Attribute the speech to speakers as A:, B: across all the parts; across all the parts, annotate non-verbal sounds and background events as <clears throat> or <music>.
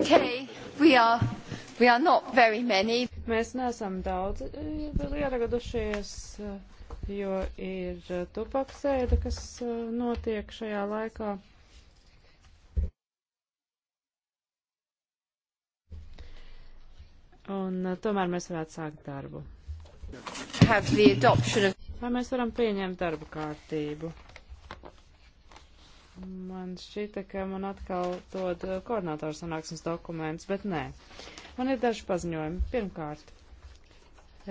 A: Okay,
B: we are, we are not very many. Mēs neesam daudz eh, ieragadušies, eh, jo ir eh, tupaksēde, kas notiek šajā laikā. Un tomēr mēs varētu sākt darbu. Vai mēs varam pieņemt darbu kārtību? Man šķita, ka man atkal dod uh, koordinātoru sanāksmes dokuments, bet nē. Man ir daži paziņojumi. Pirmkārt,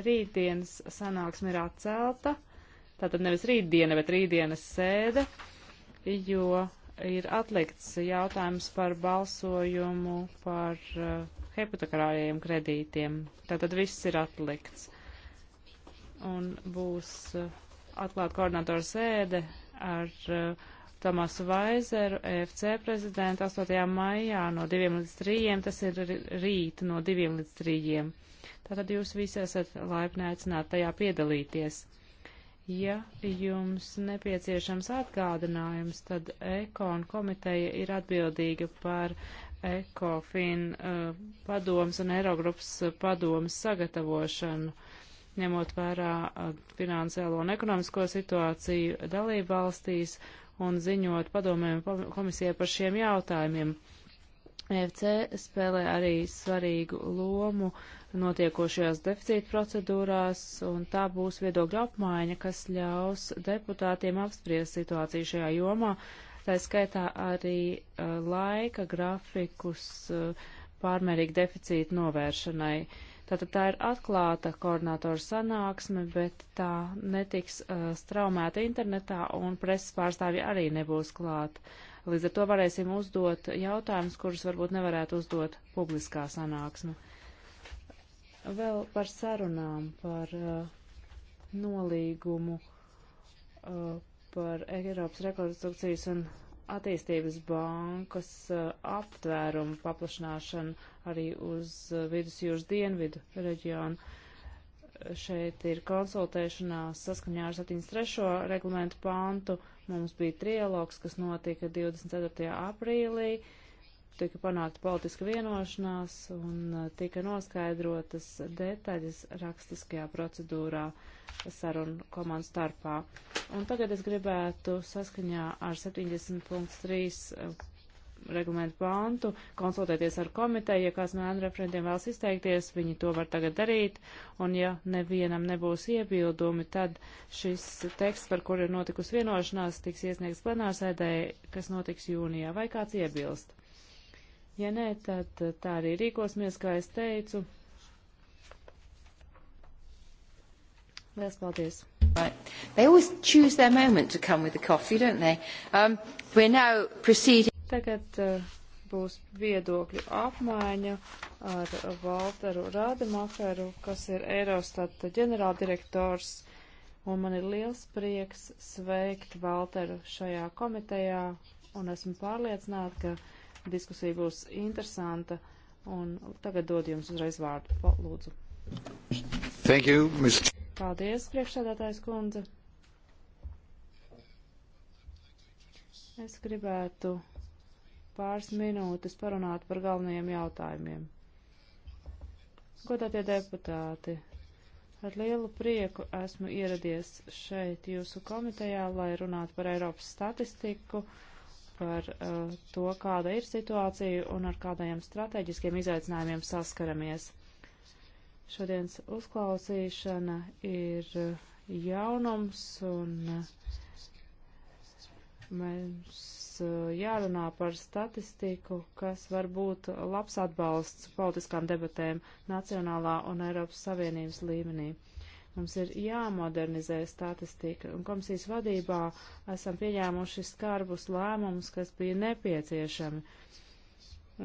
B: rītdienas sanāksme ir atcelta. Tātad nevis rītdiena, bet rītdienas sēde, jo ir atlikts jautājums par balsojumu par uh, hipotekārajiem kredītiem. Tātad viss ir atlikts. Un būs uh, atklāta koordinātora sēde ar uh, Tomasu Vaizeru, EFC prezidentu 8. maijā no 2 līdz 3, tas ir rīt no 2 līdz 3. Tātad jūs visi esat laipni aicināti tajā piedalīties. Ja jums nepieciešams atgādinājums, tad Ekon komiteja ir atbildīga par Ekofin uh, padomas un Eirogrupas padomas sagatavošanu ņemot vērā uh, finansiālo un ekonomisko situāciju dalību valstīs un ziņot padomēm komisijai par šiem jautājumiem. EFC spēlē arī svarīgu lomu notiekošajās deficīta procedūrās, un tā būs viedokļa apmaiņa, kas ļaus deputātiem apspriest situāciju šajā jomā, tā skaitā arī uh, laika grafikus uh, pārmērīgi deficīta novēršanai. Uh, Tātad tā ir atklāta koordinātora sanāksme, bet tā netiks uh, straumēta internetā un preses pārstāvji arī nebūs klāt. Līdz ar to varēsim uzdot jautājumus, kurus varbūt nevarētu uzdot publiskā sanāksme. Vēl par sarunām, par uh, nolīgumu, uh, par Eiropas rekonstrukcijas un attīstības bankas uh, aptvērumu paplašināšanu arī uz uh, vidusjūras dienvidu reģionu. Šeit ir konsultēšanās saskaņā ar 73. reglamentu pantu. Mums bija trialogs, kas notika 24. aprīlī. Uh, tika panākta politiska vienošanās un uh, tika noskaidrotas detaļas rakstiskajā procedūrā sarunu komandu starpā. Un tagad es gribētu saskaņā ar 70.3 uh, reglamentu pāntu konsultēties ar komiteju, ja kāds no referentiem vēlas izteikties, viņi to var tagad darīt, un ja nevienam nebūs iebildumi, tad šis teksts, par kuru ir notikusi vienošanās, tiks iesniegts plenārsēdē, kas notiks jūnijā, vai kāds iebilst. Ja nē, tad tā arī rīkosimies, kā es teicu. Lielas paldies! Right. They always choose their moment to come with the coffee, don't they? Um, we're now proceeding. Tagad uh, būs viedokļu apmaiņa ar Valteru Rādemaferu, kas ir Eurostata ģenerāldirektors, un man ir liels prieks sveikt Valteru šajā komitejā, un esmu pārliecināta, ka diskusija būs interesanta. Un tagad dod jums uzreiz vārdu. Pa, lūdzu.
C: Thank you, Mr.
B: Paldies, priekšsēdētājs kundze. Es gribētu pāris minūtes parunāt par galvenajiem jautājumiem. Godātie deputāti, ar lielu prieku esmu ieradies šeit jūsu komitejā, lai runātu par Eiropas statistiku par uh, to, kāda ir situācija un ar kādajiem strateģiskiem izaicinājumiem saskaramies. Šodienas uzklausīšana ir eh, jaunums un eh, mēs jārunā par statistiku, kas var būt labs atbalsts politiskām debatēm nacionālā un Eiropas Savienības līmenī. Uh, Mums ir jāmodernizē statistika, un komisijas vadībā esam pieņēmuši skarbus lēmumus, kas bija nepieciešami.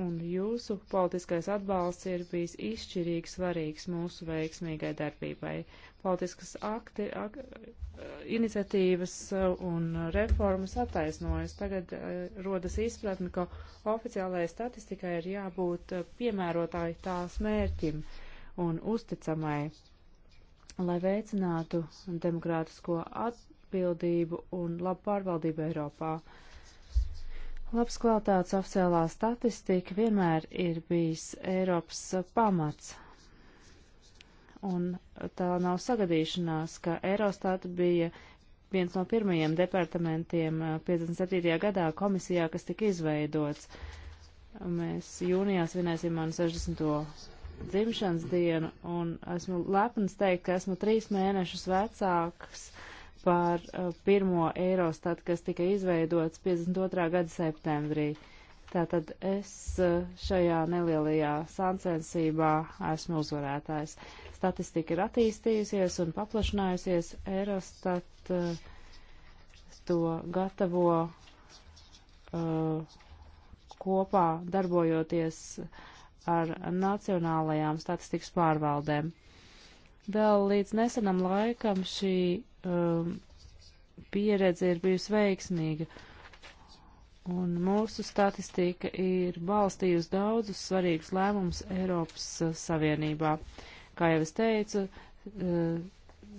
B: Un jūsu politiskais atbalsts ir bijis izšķirīgi svarīgs mūsu veiksmīgai darbībai. Politiskas akti, ak, iniciatīvas un reformas attaisnojas. Tagad eh, rodas izpratni, ka oficiālajai statistikai ir jābūt eh, piemērotāji tās mērķim un uzticamai lai veicinātu demokrātisko atbildību un labu pārvaldību Eiropā. Labs kvalitātes oficiālā statistika vienmēr ir bijis Eiropas pamats. Un tā nav sagadīšanās, ka Eurostat bija viens no pirmajiem departamentiem 57. Eh, gadā komisijā, kas tika izveidots. Mēs jūnijā svinēsim manu 60 dzimšanas dienu, un esmu lepns teikt, ka esmu trīs mēnešus vecāks par uh, pirmo Eirostat, kas tika izveidots 52. gada septembrī. Tātad es uh, šajā nelielajā sāncensībā esmu uzvarētājs. Statistika ir attīstījusies un paplašinājusies. Eirostat uh, to gatavo uh, kopā darbojoties uh, ar nacionālajām statistikas pārvaldēm. Vēl līdz nesenam laikam šī um, pieredze ir bijusi veiksmīga, un mūsu statistika ir balstījusi daudzus svarīgus lēmumus Eiropas uh, Savienībā. Kā jau es teicu, uh,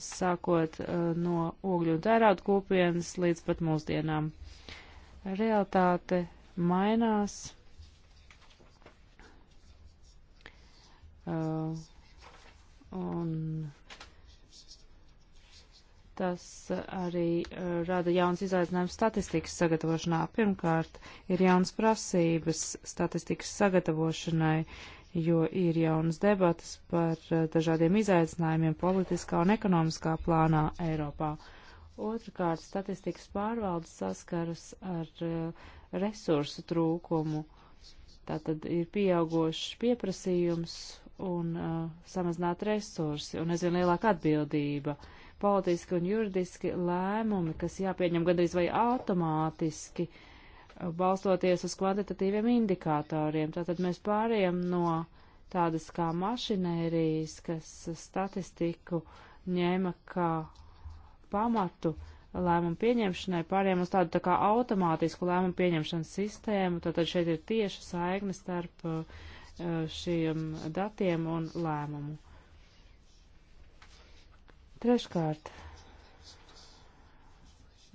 B: sākot uh, no ogļu un tērauda kopienas līdz pat mūsdienām. Realtāte mainās Uh, un tas arī uh, rada jauns izaicinājums statistikas sagatavošanā. Pirmkārt, ir jauns prasības statistikas sagatavošanai, jo ir jaunas debatas par uh, dažādiem izaicinājumiem politiskā un ekonomiskā plānā Eiropā. Otrakārt, statistikas pārvaldes saskaras ar resursu trūkumu. Tātad ir pieaugošs pieprasījums un uh, samazināt resursi un, nezinu, lielāka atbildība. Politiski un juridiski lēmumi, kas jāpieņem gandrīz vai automātiski, uh, balstoties uz kvantitatīviem indikatoriem. Tātad mēs pārējām no tādas kā mašinērijas, kas statistiku ņēma kā pamatu lēmumu pieņemšanai, pārējām uz tādu tā kā automātisku lēmumu pieņemšanas sistēmu. Tātad šeit ir tieša saikne starp uh, Eh, šiem datiem un lēmumu. Treškārt,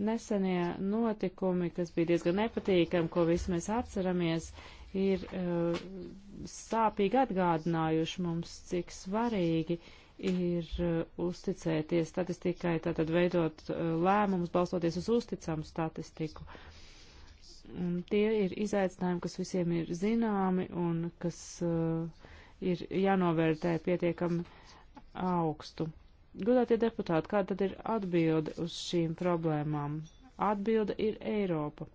B: nesenie notikumi, kas bija diezgan nepatīkami, ko visi mēs atceramies, ir uh, sāpīgi atgādinājuši mums, cik svarīgi ir uh, uzticēties statistikai, tātad veidot uh, lēmumus, balstoties uz uzticamu statistiku. Uh, Tie ir izaicinājumi, kas visiem ir zināmi un kas uh, ir jānovērtē pietiekami augstu. Godātie deputāti, kā tad ir atbilde uz šīm problēmām? Atbilde ir Eiropa.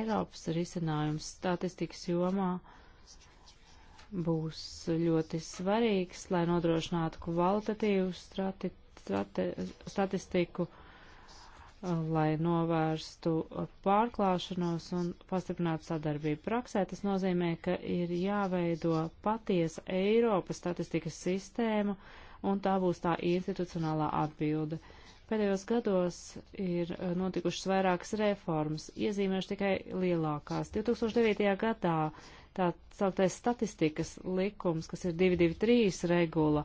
B: Eiropas risinājums statistikas jomā būs ļoti svarīgs, lai nodrošinātu kvalitatīvu strati, strate, statistiku lai novērstu pārklāšanos un pastiprinātu sadarbību. Praksē tas nozīmē, ka ir jāveido patiesa Eiropas statistikas sistēma, un tā būs tā institucionālā atbilde. Pēdējos gados ir notikušas vairākas reformas, iezīmējuši tikai lielākās. 2009. gadā tā sauktais statistikas likums, kas ir 223 regula,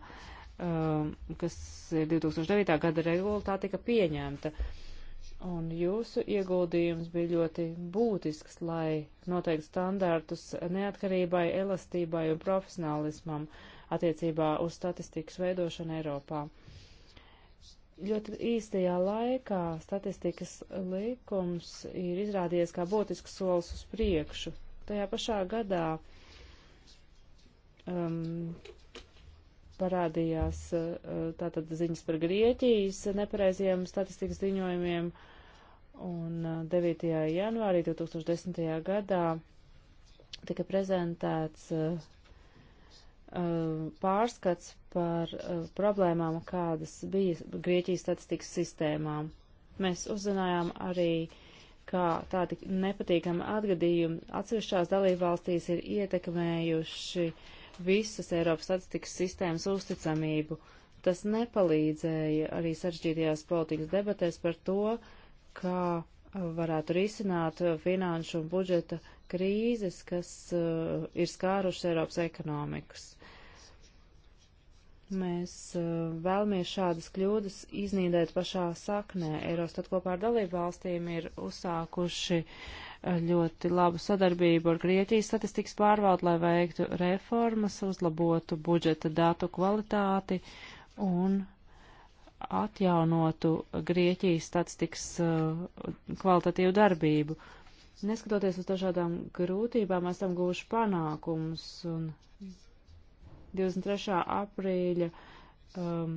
B: um, kas ir 2009. gada regula, tā tika pieņemta. Uh, Un jūsu ieguldījums bija ļoti būtisks, lai noteikti standārtus neatkarībai, elastībai un profesionālismam attiecībā uz statistikas veidošanu Eiropā. Ļoti īstajā laikā statistikas likums ir izrādījies kā būtisks solis uz priekšu. Tajā pašā gadā um, parādījās uh, tātad ziņas par Grieķijas nepareiziem statistikas ziņojumiem. Uh, Un 9. janvārī 2010. gadā tika prezentēts uh, pārskats par uh, problēmām, kādas bija Grieķijas statistikas sistēmām. Mēs uzzinājām arī, kā tādi nepatīkami atgadījumi atsevišķās dalībvalstīs ir ietekmējuši visas Eiropas statistikas sistēmas uzticamību. Tas nepalīdzēja arī sarežģītajās politikas debatēs par to, uh, kā varētu risināt finanšu un budžeta krīzes, kas uh, ir skārušas Eiropas ekonomikas. Mēs uh, vēlamies šādas kļūdas iznīdēt pašā saknē. Eirostat kopā ar dalību valstīm ir uzsākuši eh, ļoti labu sadarbību ar Grieķijas statistikas pārvaldu, lai veiktu reformas, uzlabotu budžeta datu kvalitāti un atjaunotu Grieķijas statistikas uh, kvalitatīvu darbību. Neskatoties uz dažādām grūtībām, esam guvuši panākumus, un 23. aprīļa um,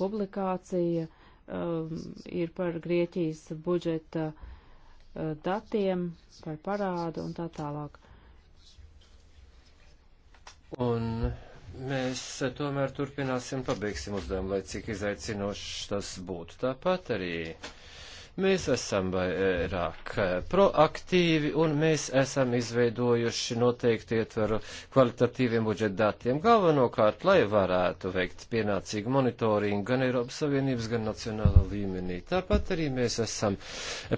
B: publikācija um, ir par Grieķijas budžeta uh, datiem, par parādu un tā tālāk.
D: Un mēs tomēr turpināsim, pabeigsim uzdevumu, lai cik izaicinošs tas būtu. Tāpat arī Mēs esam vairāk eh, proaktīvi un mēs esam izveidojuši noteikti ietveru kvalitatīviem budžetdatiem galvenokārt, lai varētu veikt pienācīgu monitoringu gan Eiropas Savienības, gan nacionālā līmenī. Tāpat arī mēs esam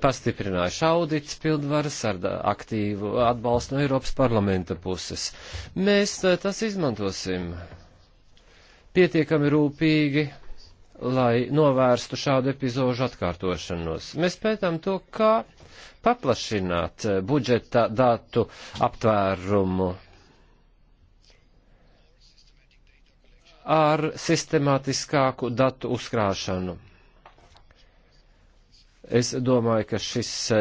D: pastiprinājuši audits pildvaras ar aktīvu atbalstu no Eiropas parlamenta puses. Mēs eh, tas izmantosim pietiekami rūpīgi lai novērstu šādu epizožu atkārtošanos. Mēs pētām to, kā paplašināt budžeta datu aptvērumu ar sistemātiskāku datu uzkrāšanu. Es domāju, ka šis e,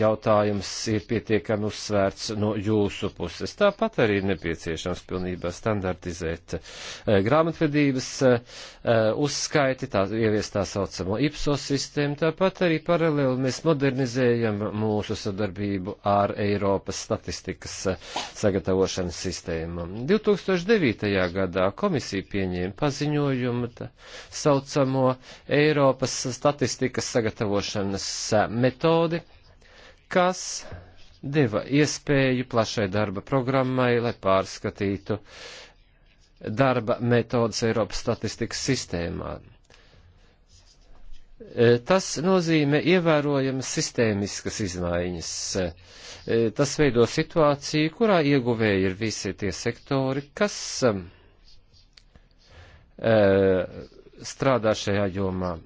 D: jautājums ir pietiekami uzsvērts no jūsu puses. Tāpat arī ir nepieciešams pilnībā standartizēt e, grāmatvedības e, uzskaiti, tā, ieviest tā saucamo IPSOS sistēmu. Tāpat arī paralēli mēs modernizējam mūsu sadarbību ar Eiropas statistikas sagatavošanas sistēmu. 2009. gadā komisija pieņēma paziņojumu tā, saucamo Eiropas statistikas sagatavošanas veidošanas e, metodi, kas deva iespēju plašai darba programmai, lai pārskatītu darba metodas Eiropas statistikas sistēmā. E, tas nozīmē ievērojamas sistēmiskas izmaiņas. E, tas veido situāciju, kurā ieguvēji ir visi tie sektori, kas strādā šajā jomā.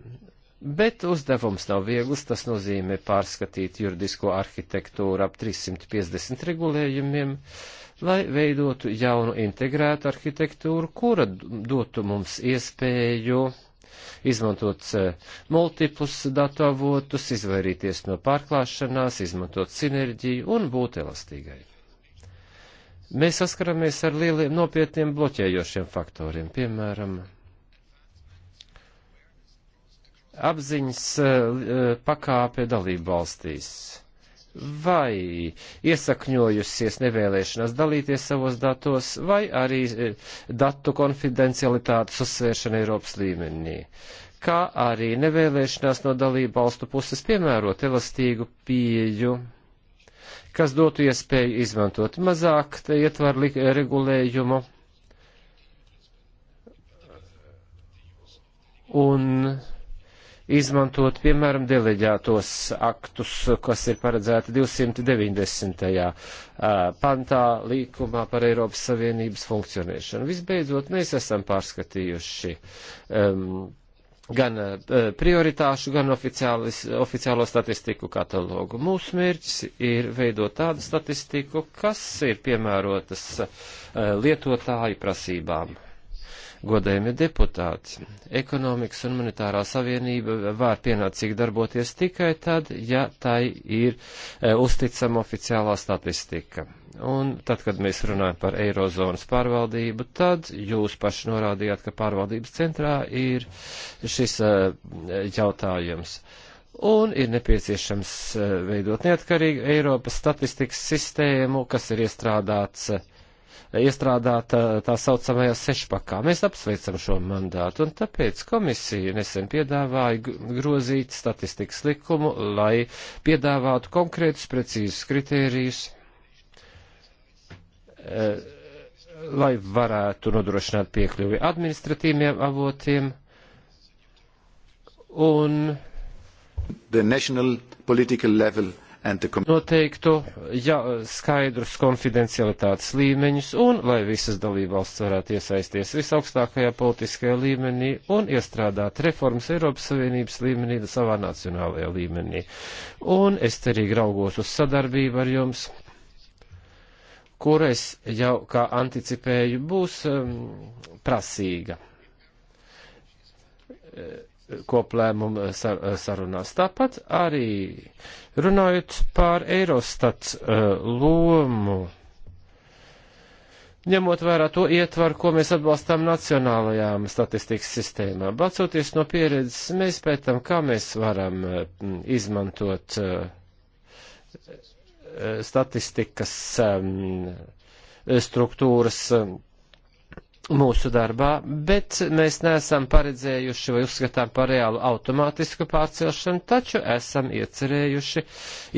D: Bet uzdevums nav viegls, tas nozīmē pārskatīt juridisko arhitektūru ap 350 regulējumiem, lai veidotu jaunu integrētu arhitektūru, kura dotu mums iespēju izmantot eh, multiplus datu avotus, izvairīties no pārklāšanās, izmantot sinerģiju un būt elastīgai. Mēs saskaramies ar lieliem nopietniem bloķējošiem faktoriem, piemēram, apziņas eh, eh, pakāpe dalību valstīs. Vai iesakņojusies nevēlēšanās dalīties savos datos, vai arī eh, datu konfidencialitātes uzsvēršana Eiropas līmenī, kā arī nevēlēšanās no dalību valstu puses piemērot elastīgu pieju kas dotu iespēju izmantot mazāk ietvaru regulējumu. Un izmantot, piemēram, deleģētos aktus, kas ir paredzēti 290. pantā līkumā par Eiropas Savienības funkcionēšanu. Visbeidzot, mēs esam pārskatījuši um, gan prioritāšu, gan oficiālo statistiku katalogu. Mūsu mērķis ir veidot tādu statistiku, kas ir piemērotas lietotāju prasībām godējumi deputāti. Ekonomikas un monetārā savienība var pienācīgi darboties tikai tad, ja tai ir e, uzticama oficiālā statistika. Un tad, kad mēs runājam par eirozonas pārvaldību, tad jūs paši norādījāt, ka pārvaldības centrā ir šis e, jautājums. Un ir nepieciešams e, veidot neatkarīgu Eiropas statistikas sistēmu, kas ir iestrādāts uh, iestrādāta tā saucamajā sešpakā. Mēs apsveicam šo mandātu, un tāpēc komisija nesen piedāvāja grozīt statistikas likumu, lai piedāvātu konkrētus precīzus kritērijus, lai
C: varētu nodrošināt piekļuvi
D: administratīviem avotiem
C: un. The national political level
D: noteiktu ja, skaidrus konfidencialitātes līmeņus un lai visas dalībvalsts varētu iesaisties visaugstākajā politiskajā līmenī un iestrādāt reformas Eiropas Savienības līmenī savā nacionālajā līmenī. Un es cerīgi raugos uz sadarbību ar jums kuras jau kā anticipēju būs um, prasīga. Uh, koplēmumu eh, sar, eh, sarunās. Tāpat arī runājot par Eirostats eh, lomu, ņemot vērā to ietvaru, ko mēs atbalstām nacionālajām statistikas sistēmām. Balcoties no pieredzes, mēs pētām, kā mēs varam izmantot statistikas struktūras mūsu darbā, bet mēs neesam paredzējuši vai uzskatām par reālu automātisku pārcelšanu, taču esam iecerējuši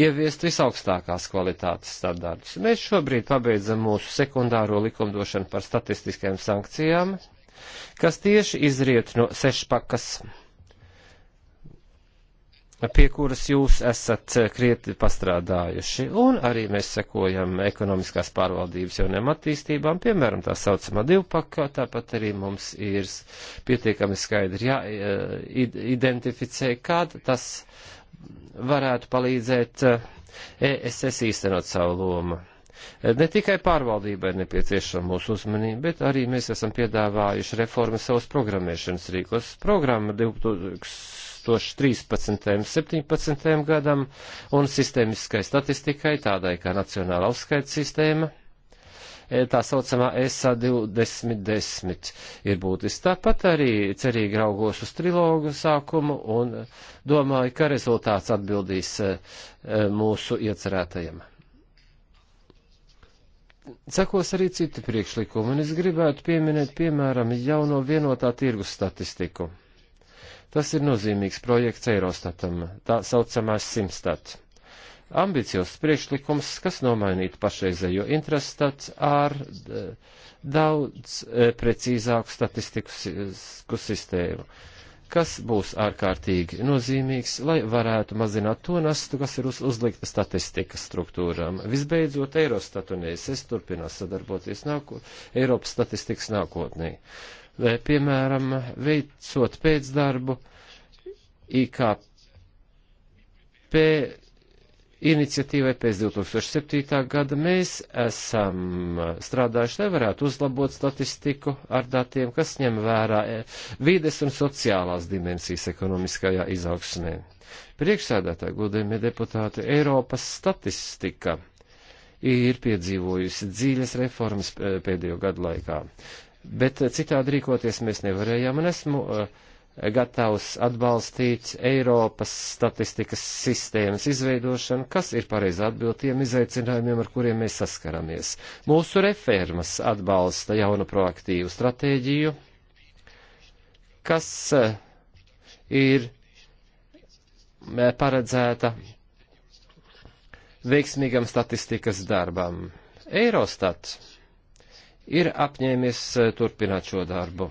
D: ieviest visaugstākās kvalitātes standārtus. Mēs šobrīd pabeidzam mūsu sekundāro likumdošanu par statistiskajām sankcijām, kas tieši izriet no sešpakas pie kuras jūs esat eh, krietni pastrādājuši, un arī mēs sekojam ekonomiskās pārvaldības jauniem attīstībām, piemēram, tā saucamā divpakā, tāpat arī mums ir pietiekami skaidri jāidentificē, e, kāda tas varētu palīdzēt ESS eh, e īstenot savu lomu. E, ne tikai pārvaldībai ir nepieciešama mūsu uzmanība, bet arī mēs esam piedāvājuši reformu savus programmēšanas rīkos. Programma 2000 2013. un 2017. gadam un sistemiskai statistikai, tādai kā Nacionāla uzskaita sistēma. E, tā saucamā e ESA 2010 ir būtiski. Tāpat arī cerīgi raugos uz trilogu sākumu un domāju, ka rezultāts atbildīs e, mūsu iecerētajam sekos arī citi priekšlikumi, un es gribētu pieminēt, piemēram, jauno vienotā tirgus statistiku. Tas ir nozīmīgs projekts Eirostatam, tā saucamais Simstat. Ambiciozs priekšlikums, kas nomainītu pašreizējo intrastats ar eh, daudz eh, precīzāku statistiku sistēmu kas būs ārkārtīgi nozīmīgs, lai varētu mazināt to nastu, kas ir uz, uzlikta statistikas struktūrām. Visbeidzot, Eurostat un ESS turpinās sadarboties nāko, Eiropas statistikas nākotnē piemēram, veicot pēcdarbu, IKP iniciatīvai pēc 2007. gada mēs esam strādājuši, lai varētu uzlabot statistiku ar datiem, kas ņem vērā e, vides un sociālās dimensijas ekonomiskajā izaugsmē. Priekšsēdētāji, godējumie deputāti, Eiropas statistika ir piedzīvojusi dziļas reformas e, pēdējo gadu laikā bet eh, citādi rīkoties mēs nevarējām, un esmu eh, gatavs atbalstīt Eiropas statistikas sistēmas izveidošanu, kas ir pareizi atbild tiem izaicinājumiem, ar kuriem mēs saskaramies. Mūsu reformas atbalsta jaunu proaktīvu stratēģiju, kas eh, ir paredzēta veiksmīgam statistikas darbam. Eurostat ir apņēmies eh, turpināt šo darbu.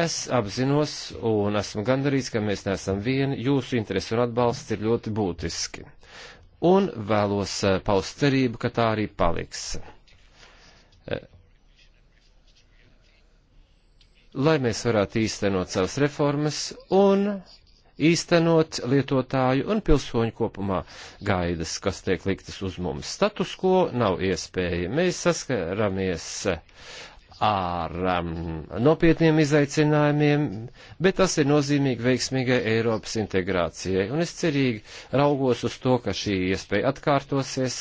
D: Es apzinos un esmu gandarīts, ka mēs neesam vieni, jūsu interesi un atbalsts ir ļoti būtiski. Un vēlos eh, paust cerību, ka tā arī paliks. Eh, lai mēs varētu īstenot savas reformas un īstenot lietotāju un pilsoņu kopumā gaidas, kas tiek liktas uz mums. Status quo nav iespēja. Mēs saskaramies ar um, nopietniem izaicinājumiem, bet tas ir nozīmīgi veiksmīgai Eiropas integrācijai. Un es cerīgi raugos uz to, ka šī iespēja atkārtosies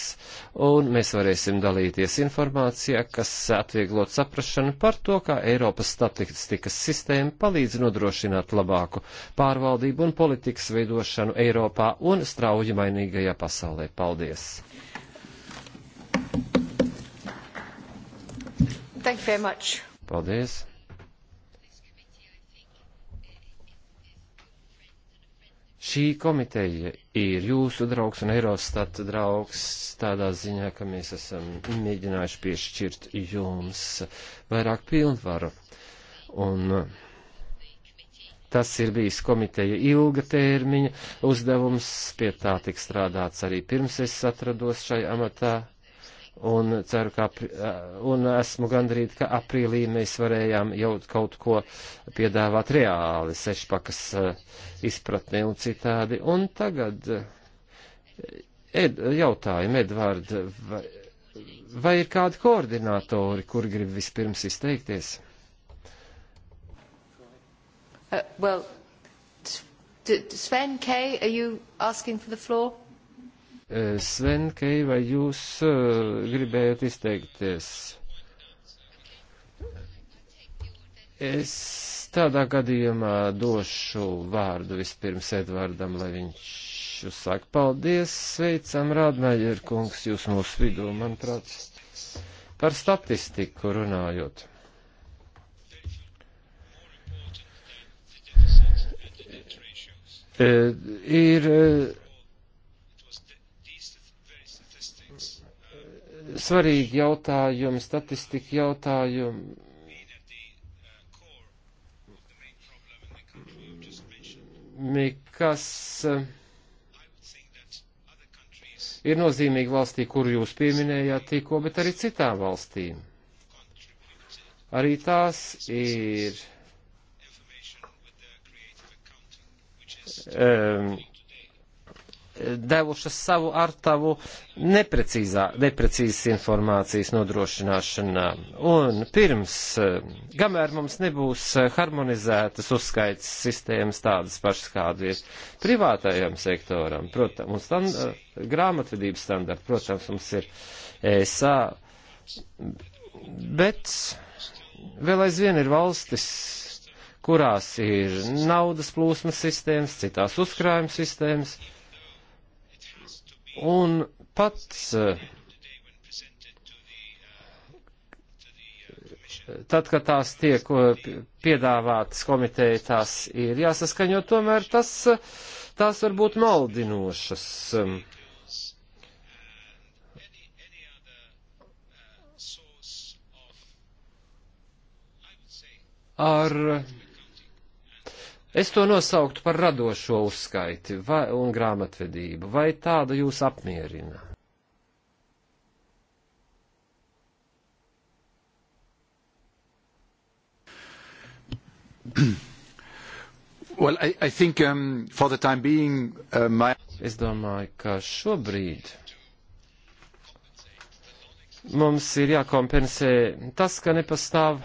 D: un mēs varēsim dalīties informācijā, kas atvieglot saprašanu par to, kā Eiropas statistikas sistēma palīdz nodrošināt labāku pārvaldību un politikas veidošanu Eiropā un strauji mainīgajā pasaulē. Paldies! Thank you very much. Paldies. Šī komiteja ir jūsu draugs un Eurostata draugs tādā ziņā, ka mēs esam mēģinājuši piešķirt jums vairāk pilnvaru. Un tas ir bijis komiteja ilga termiņa uzdevums, pie tā tik strādāts arī pirms es atrados šai amatā un ceru, ka un esmu gandrīz, ka aprīlī mēs varējām jau kaut ko piedāvāt reāli sešpakas izpratnē un citādi. Un tagad ed, jautājumu, Edvard, vai, vai ir kādi koordinātori, kur grib vispirms izteikties?
B: Uh, well,
A: Sven K., are you asking for the floor?
D: Eh, Svenkei, vai jūs eh, gribējat izteikties? Es tādā gadījumā došu vārdu vispirms Edvardam, lai viņš uzsāk. Paldies, sveicam, Rādnāģer kungs, jūs mūsu vidū, manuprāt, par statistiku runājot. Eh, ir svarīgi jautājumi, statistika jautājumi. kas eh, ir nozīmīgi valstī, kuru jūs pieminējāt tikko, bet arī citām valstīm. Arī tās ir um, devušas savu artavu neprecīzā, neprecīzas informācijas nodrošināšanā. Un pirms, kamēr mums nebūs harmonizētas uzskaits sistēmas tādas pašas, kāda ir privātajam sektoram, protams, un stand, grāmatvedības standarti, protams, mums ir ESA, bet vēl aizvien ir valstis, kurās ir naudas plūsmas sistēmas, citās uzkrājuma sistēmas, uh, Un pats eh, tad, kad tās tiek eh, piedāvātas komiteja, tās ir jāsaskaņo, tomēr tas, eh, tās var būt maldinošas. Ar Es to nosauktu par radošo uzskaiti vai, un grāmatvedību. Vai tāda jūs apmierina?
C: <clears throat> Well, I, I think, um, being, uh, my... Es domāju, ka šobrīd
D: mums ir jākompensē tas, ka nepastāv.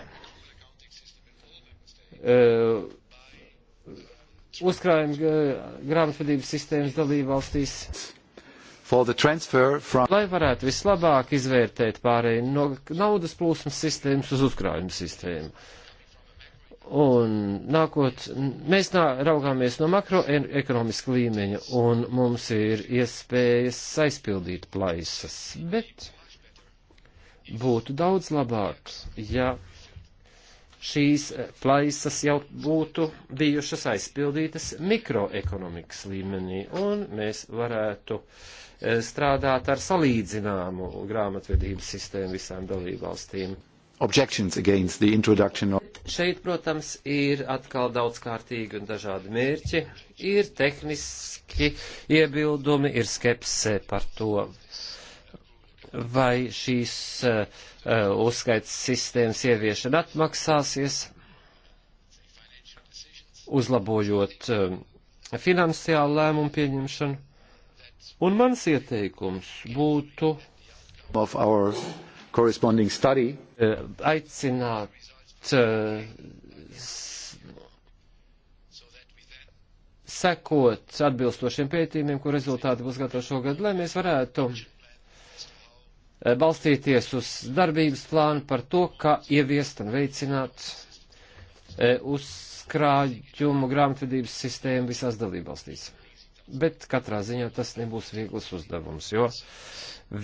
D: Uh, uzkrājuma eh, grāmatvedības sistēmas dalībvalstīs. From... Lai varētu vislabāk izvērtēt pārēju no naudas plūsmas sistēmas uz uzkrājumu sistēmu. Un nākot, mēs nā, raugāmies no makroekonomiska līmeņa, un mums ir iespējas aizpildīt plaisas, bet būtu daudz labāk, ja šīs eh, plaisas jau būtu bijušas aizpildītas mikroekonomikas līmenī, un mēs varētu eh, strādāt ar salīdzināmu grāmatvedības sistēmu visām dalībvalstīm. Of... Šeit, protams, ir atkal daudzkārtīgi un dažādi mērķi, ir tehniski iebildumi, ir skepse par to, vai šīs uh, uzskaits sistēmas ieviešana atmaksāsies, uzlabojot uh, finansiālu lēmumu pieņemšanu. Un mans ieteikums būtu aicināt sekot atbilstošiem pētījumiem, kur rezultāti būs gatavi šogad, lai mēs varētu Eh, balstīties uz darbības plānu par to, kā ieviest un veicināt eh, uzkrājumu grāmatvedības sistēmu visās dalībvalstīs bet katrā ziņā tas nebūs viegls uzdevums, jo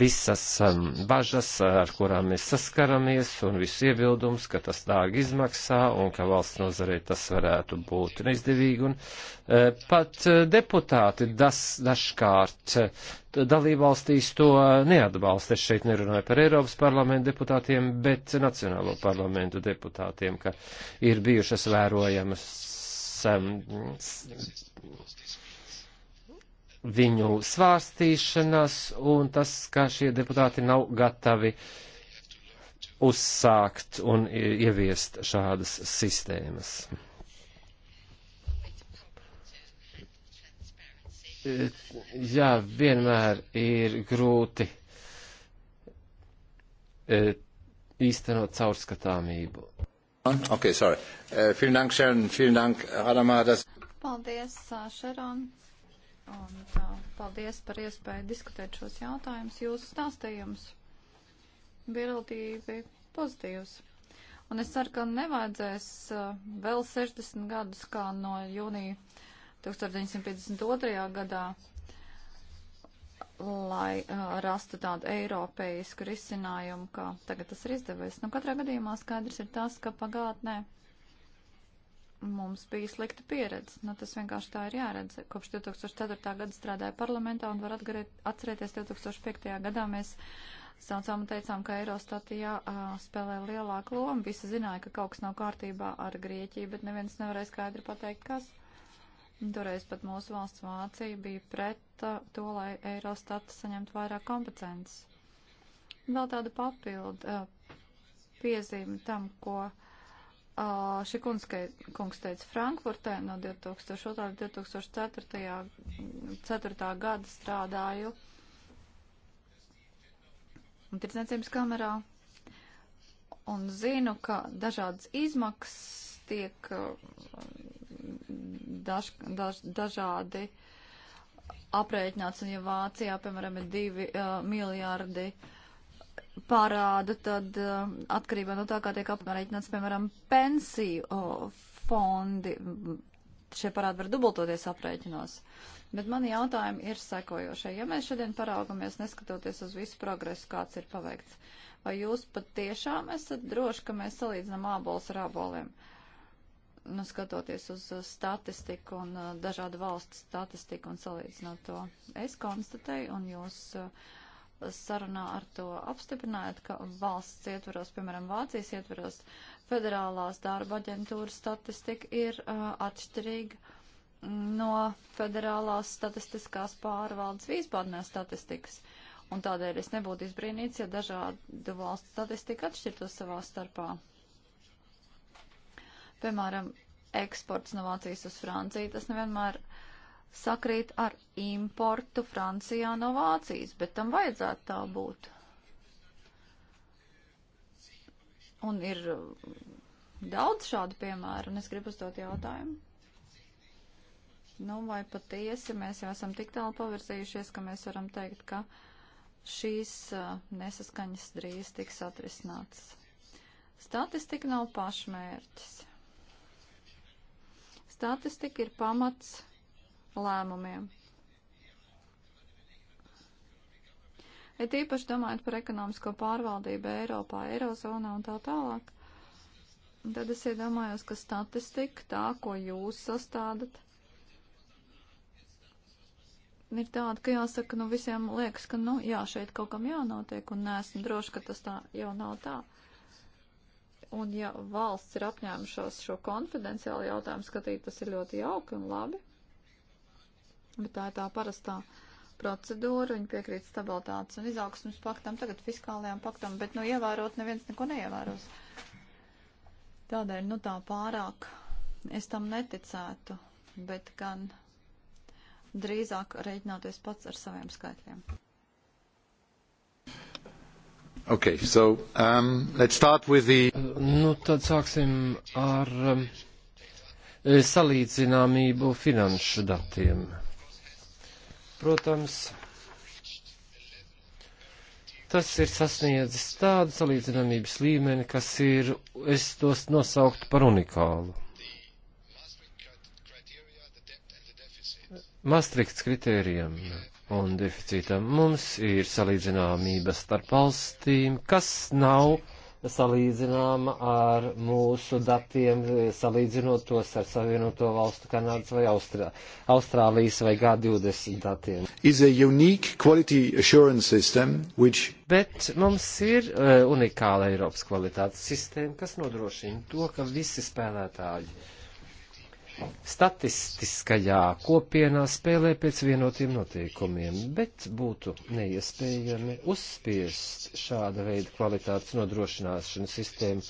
D: visas um, bažas, uh, ar kurām mēs saskaramies, un visus iebildumus, ka tas dārgi izmaksā un ka valsts nozarei tas varētu būt neizdevīgi, un uh, pat uh, deputāti das, dažkārt uh, dalībvalstīs to uh, neatbalsta. Es šeit nerunāju par Eiropas parlamentu deputātiem, bet Nacionālo parlamentu deputātiem, ka ir bijušas vērojamas. Um, viņu svārstīšanas un tas, ka šie deputāti nav gatavi uzsākt un ieviest šādas sistēmas. Jā, vienmēr ir grūti e, īstenot caurskatāmību.
C: Okay, sorry. Uh, vielen Dank, Sharon. Vielen Dank, Adama. Das...
A: Paldies, Sharon un tā, paldies par iespēju diskutēt šos jautājumus. Jūsu stāstījums bija relatīvi pozitīvs. Un es ceru, ka nevajadzēs vēl 60 gadus, kā no jūnija 1952. gadā, lai uh, rastu tādu eiropeisku risinājumu, kā tagad tas ir izdevies. Nu, katrā gadījumā skaidrs ir tas, ka pagātnē mums bija slikta pieredze. Nu, tas vienkārši tā ir jāredz. Kopš 2004. gada strādāju parlamentā un var atgarēt, atcerēties 2005. gadā mēs saucām un teicām, ka Eirostatijā spēlē lielāku lomu. Visi zināja, ka kaut kas nav kārtībā ar Grieķiju, bet neviens nevarēja skaidri pateikt, kas. Toreiz pat mūsu valsts Vācija bija pret a, to, lai Eirostata saņemtu vairāk kompetences. Vēl tāda papildu piezīme tam, ko Uh, šī kundzke, kungs teica Frankfurtē no 2002. līdz 2004. 4. gada strādāju tirdzniecības kamerā un zinu, ka dažādas izmaksas tiek daž, daž, dažādi aprēķināts, un ja Vācijā, piemēram, ir divi uh, miljārdi uh, parādu, tad eh, atkarībā no tā, kā tiek apmērēķināts, piemēram, pensiju fondi, šie parādi var dubultoties aprēķinos. Bet mani jautājumi ir sekojošie. Ja mēs šodien paraugamies, neskatoties uz visu progresu, kāds ir paveikts, vai jūs pat tiešām esat droši, ka mēs salīdzinām ābolus ar āboliem? Nu, skatoties uz statistiku un eh, dažādu valstu statistiku un salīdzinot to, es konstatēju, un jūs uh, sarunā ar to apstiprinājāt, ka valsts ietvaros, piemēram, Vācijas ietvaros, federālās darba aģentūras statistika ir uh, atšķirīga no federālās statistiskās pārvaldes vīzbādnē statistikas. Un tādēļ es nebūtu izbrīnīts, ja dažādu valstu statistika atšķirtos savā starpā. Piemēram, eksports no Vācijas uz Franciju, tas nevienmēr uh, sakrīt ar importu Francijā no Vācijas, bet tam vajadzētu tā būt. Un ir uh, daudz šādu piemēru, un es gribu uzdot jautājumu. Nu, vai patiesi mēs jau esam tik tālu pavirzījušies, ka mēs varam teikt, ka šīs uh, nesaskaņas drīz tiks atrisinātas. Statistika nav pašmērķis. Statistika ir pamats lēmumiem. Ir īpaši domājot par ekonomisko pārvaldību Eiropā, Eirozonā un tā tālāk. Tad es iedomājos, ka statistika, tā, ko jūs sastādat, ir tāda, ka jāsaka, nu visiem liekas, ka, nu, jā, šeit kaut kam jānotiek, un neesmu droši, ka tas tā jau nav tā. Un ja valsts ir apņēmušos šo konfidenciālu jautājumu skatīt, tas ir ļoti jauki un labi. Bet tā ir tā parastā procedūra, viņi piekrīt stabilitātes un izaugsmas paktam, tagad fiskālajām paktam, bet, nu, ievērot neviens neko neievēros. Tādēļ, nu, tā pārāk es tam neticētu, bet gan drīzāk reiķināties pats ar saviem skaitļiem.
C: Okay, so, um, let's start with the... Nu, tad sāksim
D: ar um, salīdzināmību finanšu datiem. Protams, tas ir sasniedzis tādu salīdzināmības līmeni, kas ir, es tos nosauktu par unikālu. Maastrichts kritērijam un deficītam mums ir salīdzināmība starp valstīm, kas nav salīdzināma ar mūsu datiem, salīdzinot tos ar Savienoto Valstu, Kanādas vai Austrā, Austrālijas vai G20 datiem. Which... Bet mums ir uh, unikāla Eiropas kvalitātes sistēma, kas nodrošina to, ka visi spēlētāji statistiskajā kopienā spēlē pēc vienotiem noteikumiem, bet būtu neiespējami uzspiest šāda veida kvalitātes nodrošināšanas sistēmu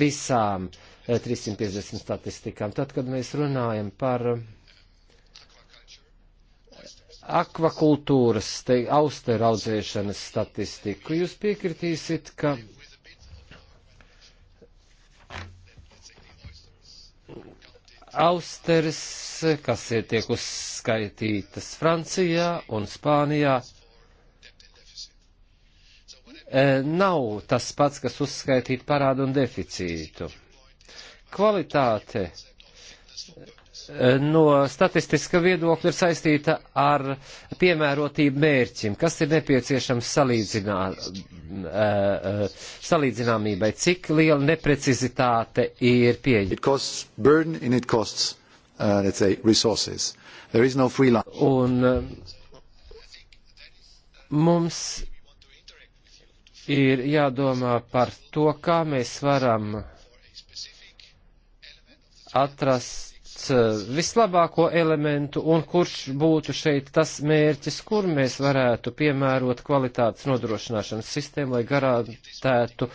D: visām 350 eh, statistikām. Tad, kad mēs runājam par eh, akvakultūras, te austeraudzēšanas statistiku, jūs piekritīsiet, ka austeres, kas ir tiek uzskaitītas Francijā un Spānijā, e, nav tas pats, kas uzskaitīt parādu un deficītu. Kvalitāte no statistiska viedokļa ir saistīta ar piemērotību mērķim, kas ir nepieciešams salīdzinā, eh, eh, salīdzināmībai, cik liela neprecizitāte
C: ir pieejama. Uh, let's say resources. There is no free lunch. Un uh, mums
D: ir jādomā par to, kā mēs varam atrast Eh, vislabāko elementu un kurš būtu šeit tas mērķis, kur mēs varētu piemērot kvalitātes nodrošināšanas sistēmu, lai garantētu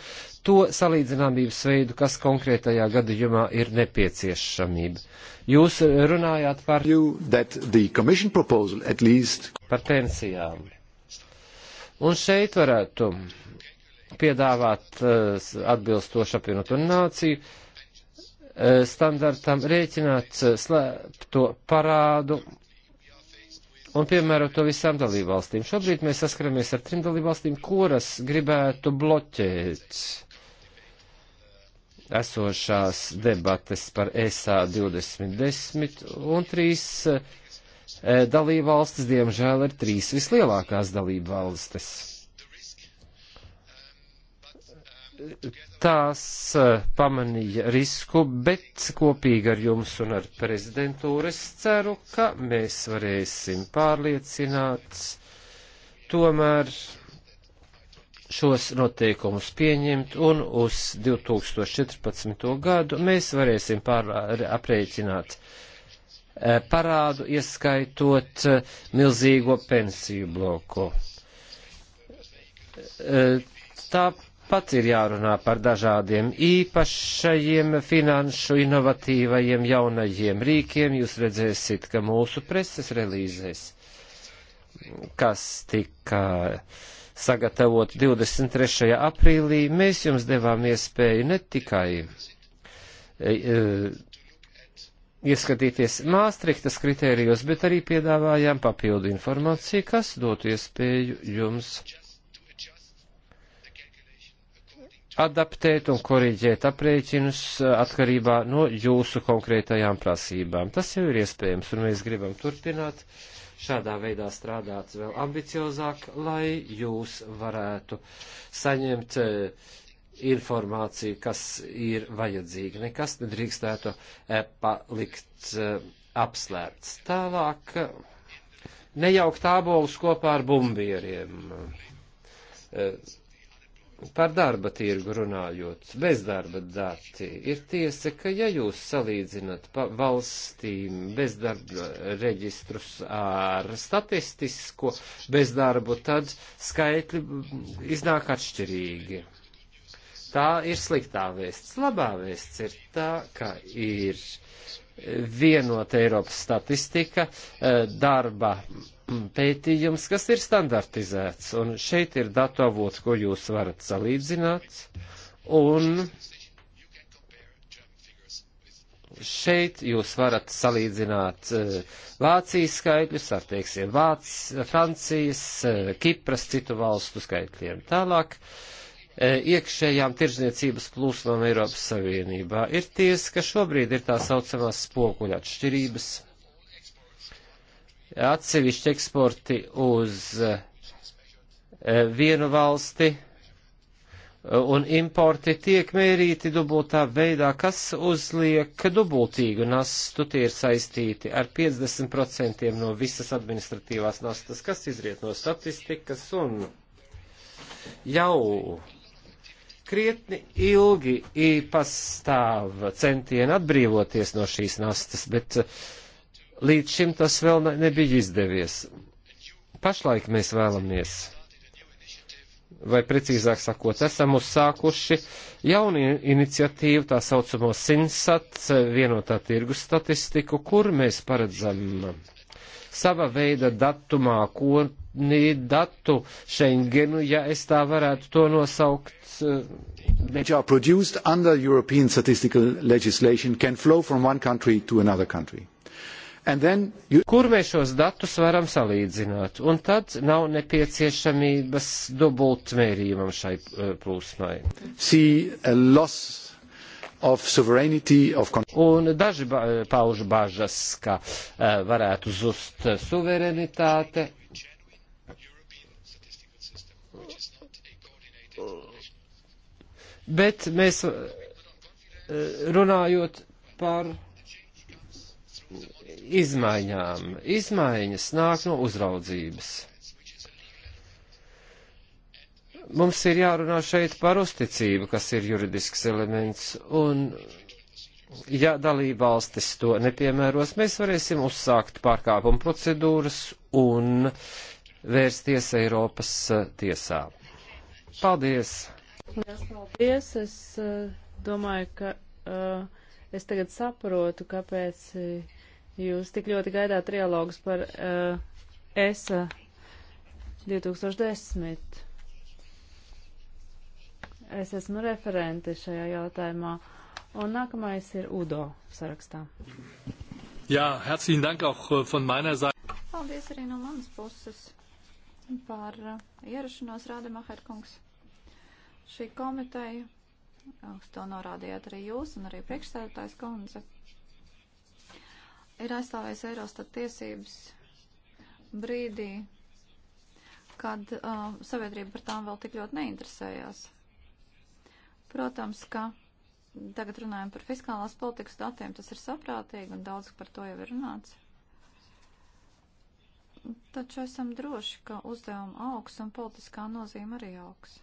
D: to salīdzināmības veidu, kas konkrētajā gadījumā ir nepieciešamība. Jūs runājāt par, least... par pensijām. Un šeit varētu piedāvāt uh, eh, atbilstošu apvienotu nāciju. Uh, Eh, standartam rēķināt eh, slēpto parādu un piemērot to visām dalībvalstīm. Šobrīd mēs saskaramies ar trim dalībvalstīm, kuras gribētu bloķēt esošās debates par e ESA 2010 un trīs eh, dalībvalstis, diemžēl, ir trīs vislielākās dalībvalstis tās eh, pamanīja risku, bet kopīgi ar jums un ar prezidentūru es ceru, ka mēs varēsim pārliecināt tomēr šos noteikumus pieņemt un uz 2014. gadu mēs varēsim aprēķināt eh, parādu, ieskaitot eh, milzīgo pensiju bloku. Tā Tāpat ir jārunā par dažādiem īpašajiem finanšu inovatīvajiem jaunajiem rīkiem. Jūs redzēsiet, ka mūsu preses relīzēs, kas tika sagatavot 23. aprīlī, mēs jums devām iespēju ne tikai e, e, ieskatīties Māstriktas kritērijos, bet arī piedāvājām papildu informāciju, kas dotu iespēju jums adaptēt un koriģēt aprēķinus uh, atkarībā no jūsu konkrētajām prasībām. Tas jau ir iespējams, un mēs gribam turpināt šādā veidā strādāt vēl ambiciozāk, lai jūs varētu saņemt uh, informāciju, kas ir vajadzīga. Nekas nedrīkstētu uh, palikt apslēpts. Tālāk nejaukt ābolus kopā ar bumbieriem Par darba tirgu runājot, bezdarba dati, ir tiesa, ka ja jūs salīdzinat pa valstīm bezdarba reģistrus ar statistisko bezdarbu, tad skaitļi iznāk atšķirīgi. Tā ir sliktā vēsts. Labā vēsts ir tā, ka ir vienota Eiropas statistika eh, darba pētījums, kas ir standartizēts, un šeit ir datu avots, ko jūs varat salīdzināt, un šeit jūs varat salīdzināt eh, Vācijas skaitļus ar, teiksim, Vāc, Francijas, eh, Kipras, citu valstu skaitļiem. Tālāk, eh, iekšējām tirzniecības plūsmām Eiropas Savienībā ir ties, ka šobrīd ir tā saucamās spokuļa atšķirības atsevišķi eksporti uz e, vienu valsti e, un importi tiek mērīti dubultā veidā, kas uzliek dubultīgu nastu, tie ir saistīti ar 50% no visas administratīvās nastas, kas izriet no statistikas un jau krietni ilgi pastāv centieni atbrīvoties no šīs nastas, bet uh, Līdz šim tas vēl ne, nebija izdevies. Pašlaik mēs vēlamies, vai precīzāk sakot, esam uzsākuši jaunu iniciatīvu, tā saucamo SINSAT, vienotā tirgus statistiku, kur mēs paredzam sava veida datumā, ko datu Schengenu, ja es tā varētu to nosaukt. Eh,
C: Which are produced under European statistical legislation can flow from one country to another country. You... Kur mēs
D: šos datus varam salīdzināt? Un tad nav nepieciešamības dubult mērījumam šai eh, plūsmai. Of of... Un daži ba pauž bažas, ka uh, varētu zust suverenitāte. Bet mēs eh, runājot par izmaiņām. Izmaiņas nāk no uzraudzības. Mums ir jārunā šeit par uzticību, kas ir juridisks elements, un ja dalībvalstis to nepiemēros, mēs varēsim uzsākt pārkāpumu procedūras un vērsties Eiropas eh, tiesā. Paldies!
B: Liels paldies! Es eh, domāju, ka uh, es tagad saprotu, kāpēc Jūs tik ļoti gaidāt trialogus par uh, ESA 2010. Es esmu referente šajā jautājumā. Un nākamais ir Udo sarakstā.
C: Jā, herzīgi dank auch eh, von meiner Seite.
A: Paldies arī no manas puses par uh, ierašanos Rāda Maherkungs. Šī komiteja, uz to norādījāt arī jūs un arī priekšstādātājs kundze, ir aizstāvējis Eirostat tiesības brīdī, kad uh, sabiedrība par tām vēl tik ļoti neinteresējās. Protams, ka tagad runājam par fiskālās politikas datiem, tas ir saprātīgi un daudz par to jau ir runāts. Taču esam droši, ka uzdevuma augs un politiskā nozīme arī augs.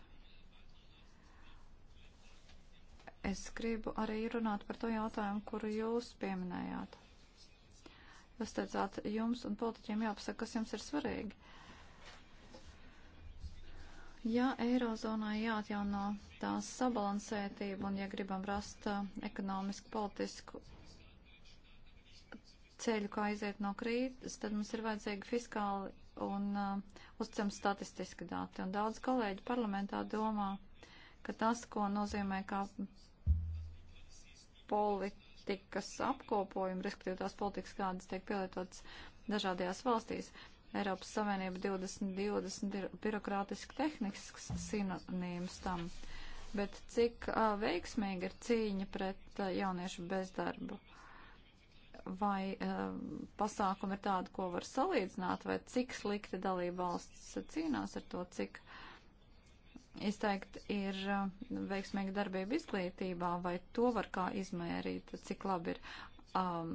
A: Es gribu arī runāt par to jautājumu, kuru jūs pieminējāt kas teicāt jums un politiķiem jāpasaka, kas jums ir svarīgi. Ja Eirozonai jāatjauno tās sabalansētība un ja gribam rast uh, ekonomisku, politisku ceļu, kā iziet no krītas, tad mums ir vajadzīgi fiskāli un uh, uzticam statistiski dati. Un daudz kolēģi parlamentā domā, ka tas, ko nozīmē kā polit politikas apkopojumu, respektīvi tās politikas, kādas tiek pielietotas dažādajās valstīs. Eiropas Savienība 2020 ir birokrātiski tehnisks sinonīms tam, bet cik uh, veiksmīga ir cīņa pret uh, jauniešu bezdarbu? Vai uh, pasākumi ir tādi, ko var salīdzināt, vai cik slikti dalība valsts cīnās ar to, cik uh, izteikt ir uh, veiksmīga darbība izglītībā, vai to var kā izmērīt, cik labi ir um,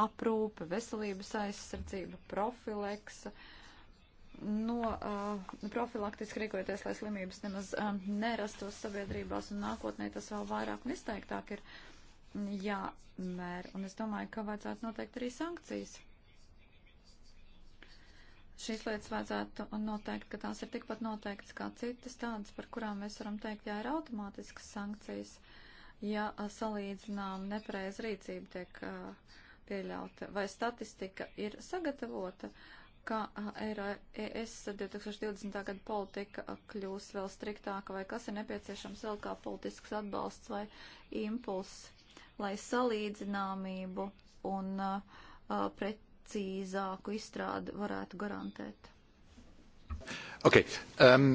A: aprūpe, veselības aizsardzība, profileksa. No uh, profilaktiski rīkoties, lai slimības nemaz um, nerastos sabiedrībās, un nākotnē tas vēl vairāk un izteiktāk ir jāmēr. Un es domāju, ka vajadzētu noteikt arī sankcijas šīs lietas vajadzētu noteikt, ka tās ir tikpat noteiktas kā citas tādas, par kurām mēs varam teikt, jā, ir automātiskas sankcijas, ja salīdzinām nepareiz rīcība tiek pieļauta, vai statistika ir sagatavota, ka e ES 2020. gada politika kļūs vēl striktāka, vai kas ir nepieciešams vēl kā politisks atbalsts vai impuls, lai salīdzināmību un uh, pret precīzāku
B: izstrādi varētu garantēt?
C: Okay. Um,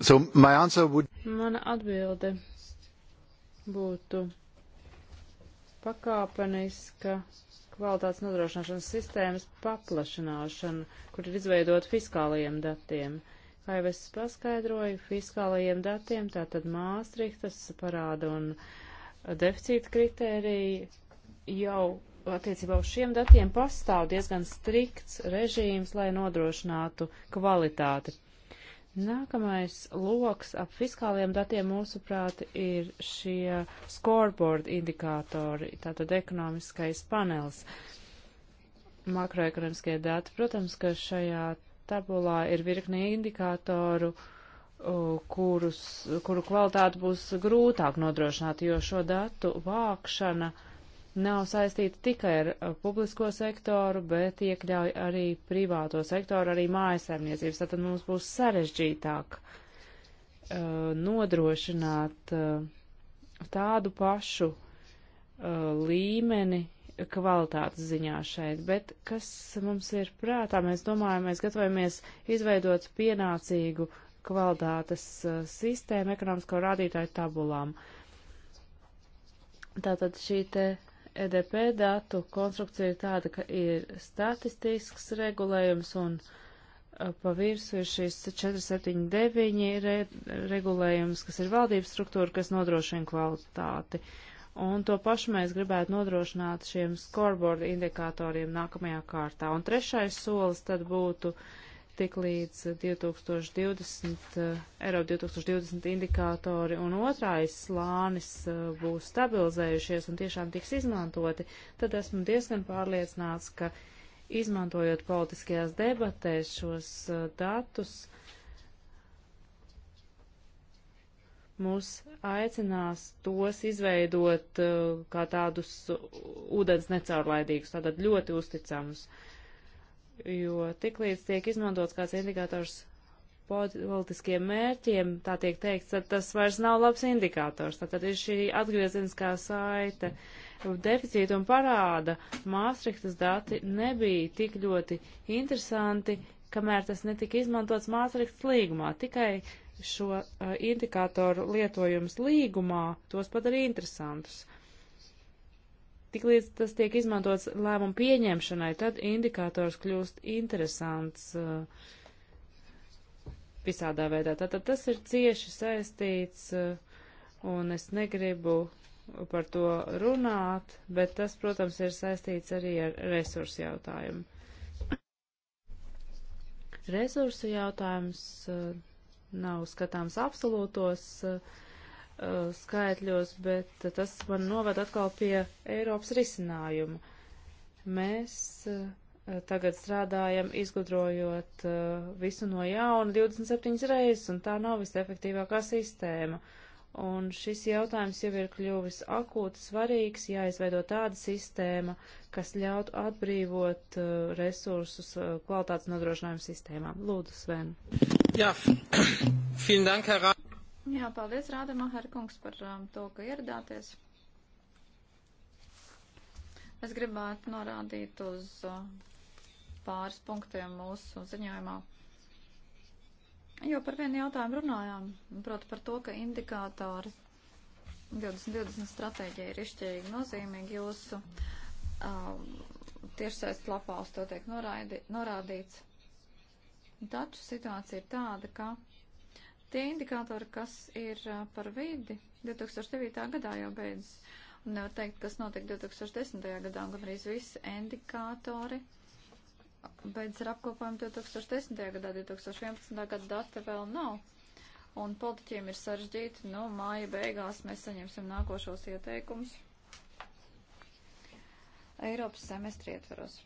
C: so my answer would...
B: Mana atbilde būtu pakāpeniska kvalitātes nodrošināšanas sistēmas paplašināšana, kur ir izveidot fiskālajiem datiem. Kā jau es paskaidroju, fiskālajiem datiem tātad Māstrihtas parāda un deficīta kritērija jau attiecībā uz šiem datiem pastāv diezgan strikts režīms, lai nodrošinātu kvalitāti. Nākamais loks ap fiskāliem datiem, mūsuprāt, ir šie scoreboard indikātori, tātad ekonomiskais panelis, makroekonomiskie dati. Protams, ka šajā tabulā ir virkni indikātoru, kurus, kuru kvalitāti būs grūtāk nodrošināt, jo šo datu vākšana uh, nav saistīta tikai ar publisko sektoru, bet iekļauj arī privāto sektoru, arī mājasemniecības. Tad mums būs sarežģītāk uh, nodrošināt uh, tādu pašu uh, līmeni kvalitātes ziņā šeit. Bet kas mums ir prātā? Mēs domājam, mēs gatavojamies izveidot pienācīgu kvalitātes uh, sistēmu ekonomisko rādītāju tabulām. Tātad šī te uh, EDP datu konstrukcija ir tāda, ka ir statistisks regulējums un e, pa virsu ir šis 479 re regulējums, kas ir valdības struktūra, kas nodrošina kvalitāti. Un to pašu mēs gribētu nodrošināt šiem scoreboard indikatoriem nākamajā kārtā. Un trešais solis tad būtu uh, tik līdz 2020, eh, Eiropa 2020 indikātori un otrais slānis eh, būs stabilizējušies un tiešām tiks izmantoti, tad esmu diezgan pārliecināts, ka izmantojot politiskajās debatēs šos eh, datus, mūs aicinās tos izveidot kā tādus ūdens necaurlaidīgus, tātad ļoti uzticamus. Uh, jo tiklīdz tiek izmantots kāds indikators politiskiem mērķiem, tā tiek teikts, tad tas vairs nav labs indikators. Tātad ir šī atgriezeniskā saite. Deficīta un parāda Māstrihtas dati nebija tik ļoti interesanti, kamēr tas netika izmantots Māstrihtas līgumā. Tikai šo uh, indikātoru lietojums līgumā tos padarīja interesantus. Uh, Tiklīdz tas tiek izmantots lēmumu pieņemšanai, tad indikators kļūst interesants uh, visādā veidā. Tātad tas ir cieši saistīts, uh, un es negribu par to runāt, bet tas, protams, ir saistīts arī ar resursu jautājumu. Resursu jautājums uh, nav skatāms absolūtos uh, Uh, skaitļos, bet tas man noved atkal pie Eiropas risinājuma. Mēs uh, tagad strādājam, izgudrojot uh, visu no jauna 27 reizes, un tā nav visefektīvākā sistēma. Un šis jautājums jau ir kļuvis akūti svarīgs, jāizveido tāda sistēma, kas ļautu atbrīvot resursus kvalitātes nodrošinājumu sistēmām. Lūdzu, Sven. Jā, <clears throat> vielen dank, Herr
A: Jā, paldies, Rāda Maharkungs, par um, to, ka ieradāties. Es gribētu norādīt uz uh, pāris punktiem mūsu ziņojumā. Jo par vienu jautājumu runājām, proti par to, ka indikātori 2020 stratēģija ir izšķirīgi nozīmīgi jūsu um, tiešsaist lapā uz to tiek noraidi, norādīts. Taču situācija ir tāda, ka Tie indikātori, kas ir par vidi, 2009. gadā jau beidzas. Un nevar teikt, kas notiek 2010. gadā, un arī visi indikātori beidz ar apkopojumu 2010. gadā, 2011. gada data vēl nav. Un politiķiem ir sarežģīti, nu, māja beigās mēs saņemsim nākošos ieteikumus Eiropas semestri ietveros.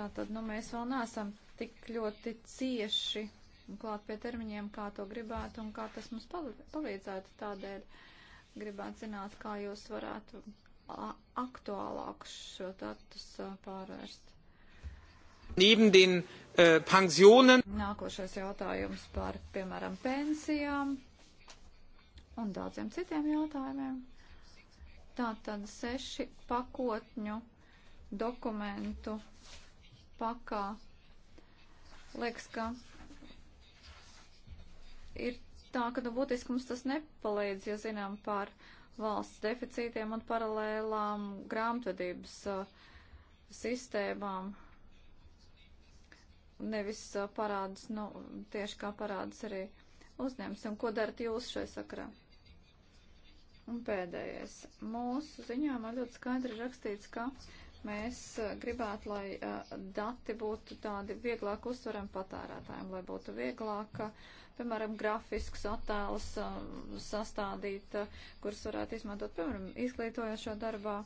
A: Tātad, nu, mēs vēl neesam tik ļoti cieši klāt pie termiņiem, kā to gribētu un kā tas mums palīdzētu. Tādēļ gribētu zināt, kā jūs varētu aktuālākus šo datus pārvērst.
D: Neben den uh, Pensionen.
A: Nākošais jautājums par, piemēram, pensijām un daudziem citiem jautājumiem. Tātad seši pakotņu dokumentu pakā. Liekas, ka ir tā, ka nu, būtiski mums tas nepalīdz, ja zinām par valsts deficītiem un paralēlām grāmatvedības uh, sistēmām. Nevis uh, parādus, nu, tieši kā parādus arī uzņēmums. Un ko darat jūs šai sakarā? Un pēdējais. Mūsu ziņā man ļoti skaidri rakstīts, ka Mēs eh, gribētu, lai eh, dati būtu tādi vieglāk uztverami patērētājiem, lai būtu vieglāk, eh, piemēram, grafisks attēls sastādīt, kurus varētu izmantot, piemēram, izglītojošo darbā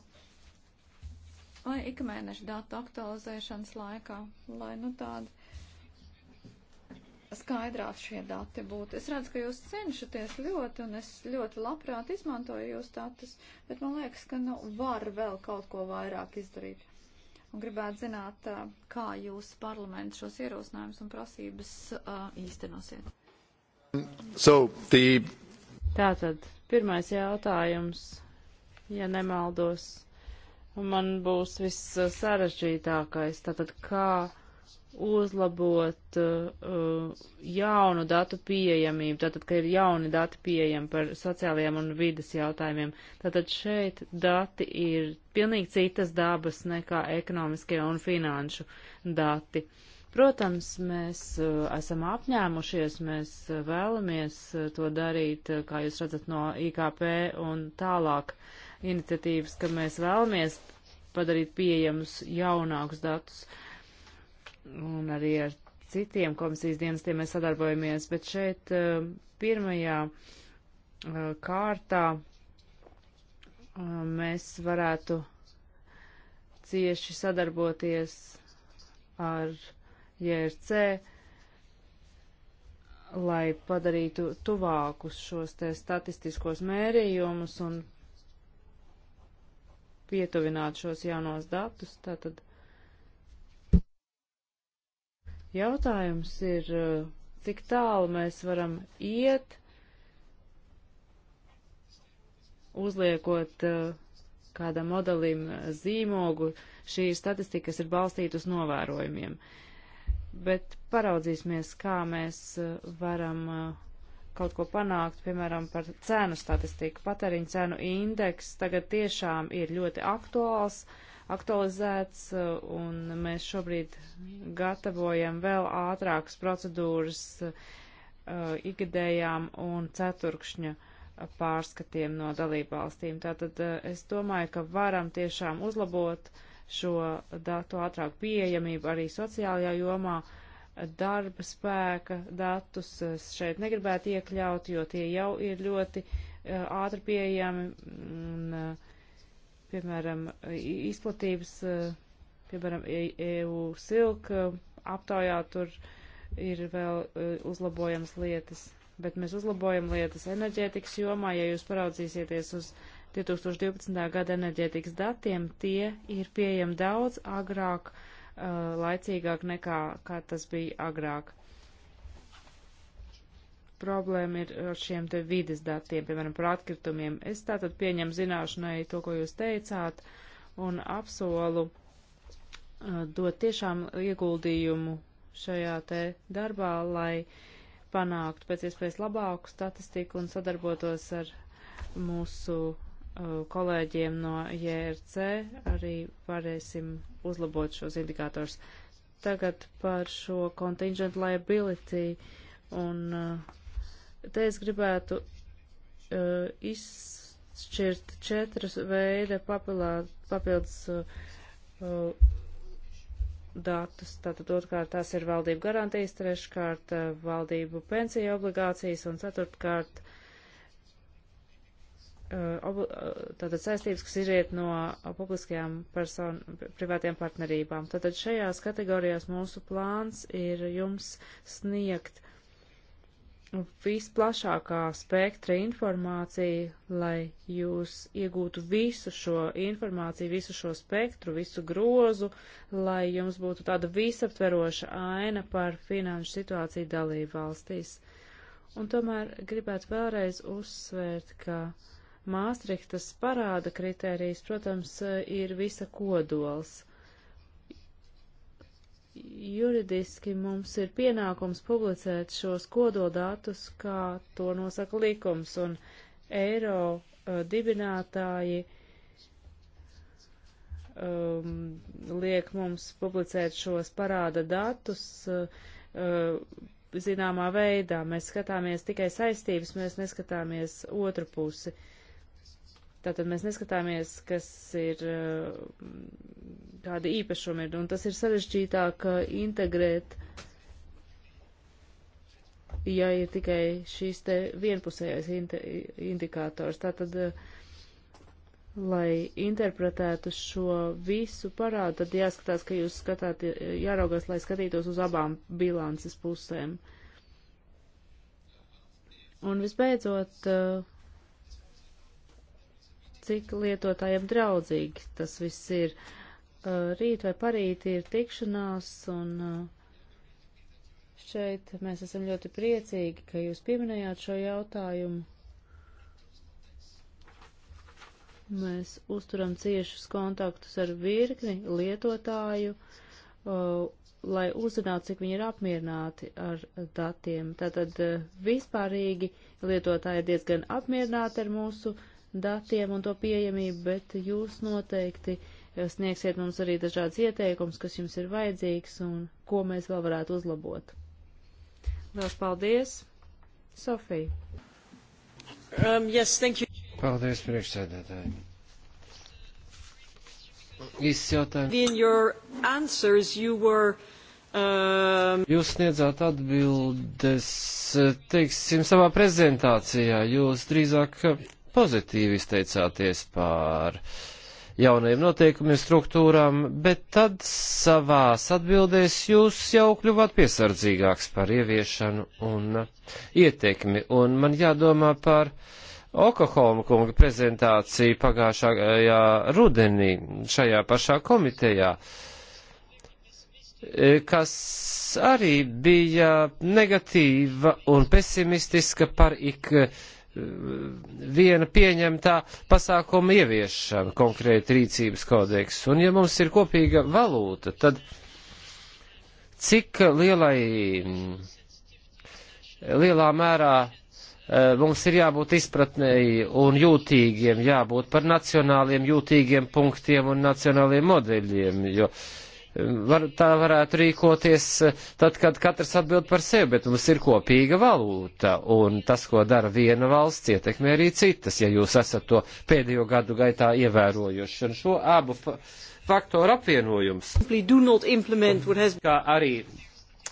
A: vai ikmēneša datu aktualizēšanas laikā, lai nu tādi skaidrāk šie dati būtu. Es redzu, ka jūs cenšaties ļoti, un es ļoti labprāt izmantoju jūs datus, bet man liekas, ka nu, var vēl kaut ko vairāk izdarīt. Un gribētu zināt, kā jūs parlaments šos ierosinājumus un prasības uh, īstenosiet.
B: So, the... Tātad, pirmais jautājums, ja nemaldos, un man būs viss sarežģītākais. Tātad, kā uzlabot uh, jaunu datu pieejamību, tātad, ka ir jauni dati pieejami par sociālajiem un vidas jautājumiem. Tātad šeit dati ir pilnīgi citas dabas nekā ekonomiskie un finanšu dati. Protams, mēs uh, esam apņēmušies, mēs uh, vēlamies uh, to darīt, uh, kā jūs redzat no IKP un tālāk iniciatīvas, ka mēs vēlamies padarīt pieejamus jaunākus datus. Uh, un arī ar citiem komisijas dienestiem mēs sadarbojamies, bet šeit eh, pirmajā eh, kārtā eh, mēs varētu cieši sadarboties ar JRC, lai padarītu tuvākus šos te statistiskos mērījumus un pietuvinātu šos jaunos datus. Tātad Jautājums ir, eh, cik tālu mēs varam iet, uzliekot eh, kādam modelim zīmogu. Šī statistika, kas ir balstīta uz novērojumiem. Bet paraudzīsimies, kā mēs eh, varam kaut ko panākt, piemēram, par cēnu statistiku. Patēriņu cēnu indeks tagad tiešām ir ļoti aktuāls. Uh, aktualizēts, uh, un mēs šobrīd gatavojam vēl ātrākas procedūras uh, ikgadējām un ceturkšņa pārskatiem no dalībvalstīm. Tātad uh, es domāju, ka varam tiešām uzlabot šo datu ātrāku pieejamību arī sociālajā jomā darba spēka datus es šeit negribētu iekļaut, jo tie jau ir ļoti uh, ātri pieejami. Un, uh, piemēram, izplatības, e, piemēram, EU e silk e, aptaujā tur ir vēl uzlabojams lietas, bet mēs uzlabojam lietas enerģētikas jomā, ja jūs paraudzīsieties uz 2012. gada enerģētikas datiem, tie ir pieejami daudz agrāk, laicīgāk nekā kā tas bija agrāk problēma ir ar šiem te vides datiem, piemēram, par atkritumiem. Es tātad pieņemu zināšanai to, ko jūs teicāt, un apsolu uh, dot tiešām ieguldījumu šajā te darbā, lai panāktu pēc iespējas labāku statistiku un sadarbotos ar mūsu uh, kolēģiem no JRC, e arī varēsim uzlabot šos indikātors. Tagad par šo contingent liability un uh, Te es gribētu uh, izšķirt četras veida papilā, papildus uh, uh, datus. Tātad otrkārt tās ir valdību garantijas, treškārt uh, valdību pensiju obligācijas un ceturtkārt uh, obli uh, tātad saistības, kas iziet no publiskajām personu, privātiem partnerībām. Tātad šajās kategorijās mūsu plāns ir jums sniegt visplašākā spektra informāciju, lai jūs iegūtu visu šo informāciju, visu šo spektru, visu grozu, lai jums būtu tāda visaptveroša aina par finanšu situāciju dalību valstīs. Un tomēr gribētu vēlreiz uzsvērt, ka Māstrihtas parāda kritērijs, protams, ir visa kodols juridiski mums ir pienākums publicēt šos kododatus, kā to nosaka likums, un eiro uh, dibinātāji um, liek mums publicēt šos parāda datus uh, uh, zināmā veidā. Mēs skatāmies tikai saistības, mēs neskatāmies otru pusi. Uh, Tātad mēs neskatāmies, kas ir, eh, kādi īpašumi ir, un tas ir sarežģītāk eh, integrēt, ja ir tikai šīs te vienpusējais indikators. Tātad, eh, lai interpretētu šo visu parādu, tad jāskatās, ka jūs skatāt, jāraugās, lai skatītos uz abām bilances pusēm. Un visbeidzot, uh, cik lietotājiem draudzīgi tas viss ir. Uh, rīt vai parīt ir tikšanās, un uh, šeit mēs esam ļoti priecīgi, ka jūs pieminējāt šo jautājumu. Mēs uzturam ciešus kontaktus ar virkni lietotāju, uh, lai uzzinātu, cik viņi ir apmierināti ar datiem. Tātad vispārīgi lietotāji ir diezgan apmierināti ar mūsu uh, datiem un to pieejamību, bet jūs noteikti eh, sniegsiet mums arī dažādas ieteikums, kas jums ir vajadzīgs un ko mēs vēl varētu uzlabot. Lielas paldies! Sofija! Um, yes, thank you!
D: Paldies, priekšsēdētāji! Īsts jautājums. Were, um... Jūs sniedzāt atbildes, teiksim, savā prezentācijā. Jūs drīzāk pozitīvi izteicāties par jaunajiem noteikumiem struktūrām, bet tad savās atbildēs jūs jau kļuvāt piesardzīgāks par ieviešanu un ietekmi, un man jādomā par Okoholma kunga prezentāciju pagājušajā rudenī šajā pašā komitejā kas arī bija negatīva un pesimistiska par ik viena pieņemtā pasākuma ieviešana, konkrēti rīcības kodeks. Un ja mums ir kopīga valūta, tad cik lielai, lielā mērā e, mums ir jābūt izpratnēji un jūtīgiem, jābūt par nacionāliem jūtīgiem punktiem un nacionāliem modeļiem, jo uh, var, tā varētu rīkoties eh, tad, kad katrs atbild par sevi, bet mums ir kopīga valūta, un tas, ko dara viena valsts, ietekmē arī citas, ja jūs esat to pēdējo gadu gaitā ievērojuši. Un šo abu fa faktoru apvienojums, has... kā arī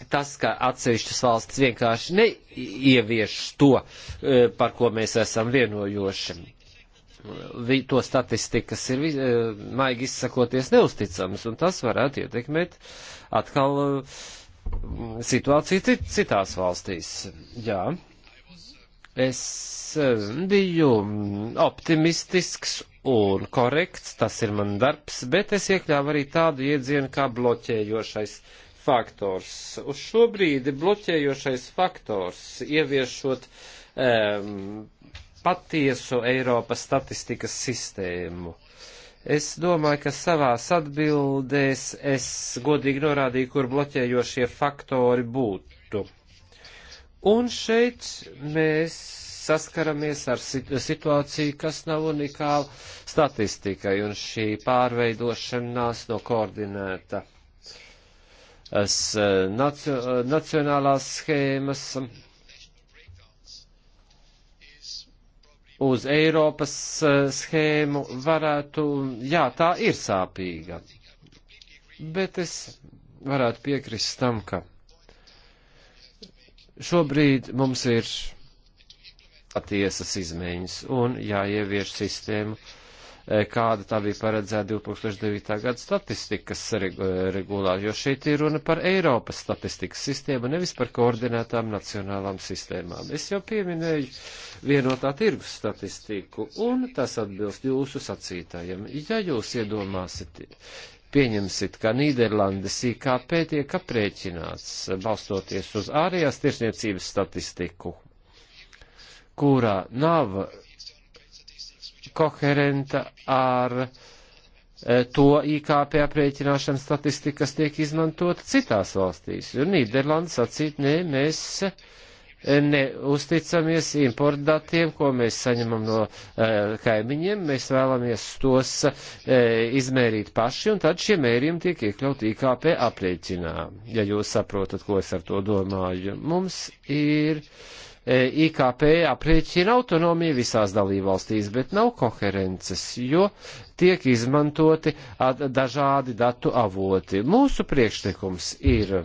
D: tas, ka atsevišķas valsts vienkārši neievieš to, eh, par ko mēs esam vienojoši to statistikas ir, eh, maigi izsakoties, neusticamas, un tas varētu ietekmēt atkal eh, situāciju citās valstīs. Jā, es eh, biju optimistisks un korekts, tas ir man darbs, bet es iekļāvu arī tādu iedzienu kā bloķējošais faktors. Uz šo brīdi bloķējošais faktors ieviešot um, patiesu Eiropas statistikas sistēmu. Es domāju, ka savās atbildēs es godīgi norādīju, kur bloķējošie faktori būtu. Un šeit mēs saskaramies ar situāciju, kas nav unikāla statistikai, un šī pārveidošanās no koordinēta es, eh, nacio, nacionālās schēmas uz Eiropas eh, schēmu varētu, jā, tā ir sāpīga. Bet es varētu piekrist tam, ka šobrīd mums ir tiesas izmaiņas un jāievieš sistēmu E, kāda tā bija paredzēta 2009. gada statistikas e, regulā, jo šeit ir runa par Eiropas statistikas sistēmu, nevis par koordinētām nacionālām sistēmām. Es jau pieminēju vienotā tirgus statistiku, un tas atbilst jūsu sacītājiem. Ja jūs iedomāsiet, Pieņemsit, ka Nīderlandes IKP tiek aprēķināts balstoties uz ārējās tirsniecības statistiku, kurā nav koherenta ar e, to IKP aprēķināšanas statistika, kas tiek izmantota citās valstīs. Un Nīderlanda sacīt, nē, mēs e, neusticamies importdatiem, ko mēs saņemam no e, kaimiņiem, mēs vēlamies tos e, izmērīt paši, un tad šie mērījumi tiek iekļauti IKP aprēķinā, ja jūs saprotat, ko es ar to domāju. Mums ir E, IKP aprēķina autonomiju visās dalībvalstīs, bet nav koherences, jo tiek izmantoti dažādi datu avoti. Mūsu priekšlikums ir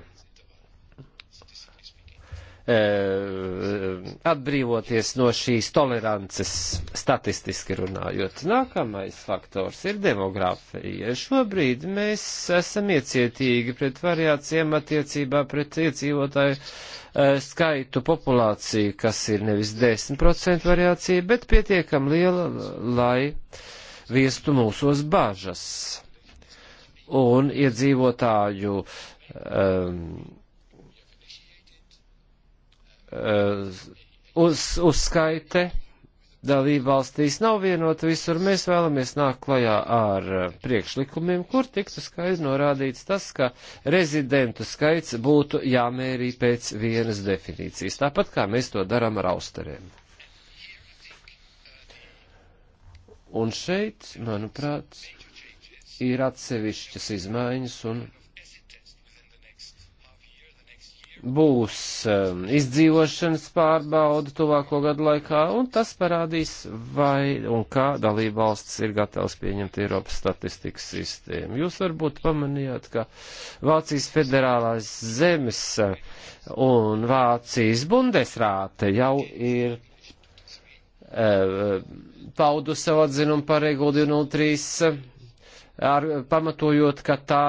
D: Eh, atbrīvoties no šīs tolerances statistiski runājot. Nākamais faktors ir demogrāfija. Šobrīd mēs esam iecietīgi pret variācijām attiecībā pret iedzīvotāju eh, skaitu populāciju, kas ir nevis 10% variācija, bet pietiekam liela, lai viestu mūsos bažas. Un iedzīvotāju um, Eh, uz, uzskaite dalību valstīs nav vienota visur. Mēs vēlamies nākt klajā ar eh, priekšlikumiem, kur tiktu skaidri norādīts tas, ka rezidentu skaits būtu jāmērī pēc vienas definīcijas, tāpat kā mēs to darām ar austeriem. Un šeit, manuprāt, ir atsevišķas izmaiņas un būs um, izdzīvošanas pārbauda tuvāko gadu laikā, un tas parādīs, vai un kā dalībvalsts ir gatavs pieņemt Eiropas statistikas sistēmu. Jūs varbūt pamanījāt, ka Vācijas federālās zemes uh, un Vācijas bundesrāte jau ir uh, paudu savu atzinumu par regulu 03, uh, ar, pamatojot, ka tā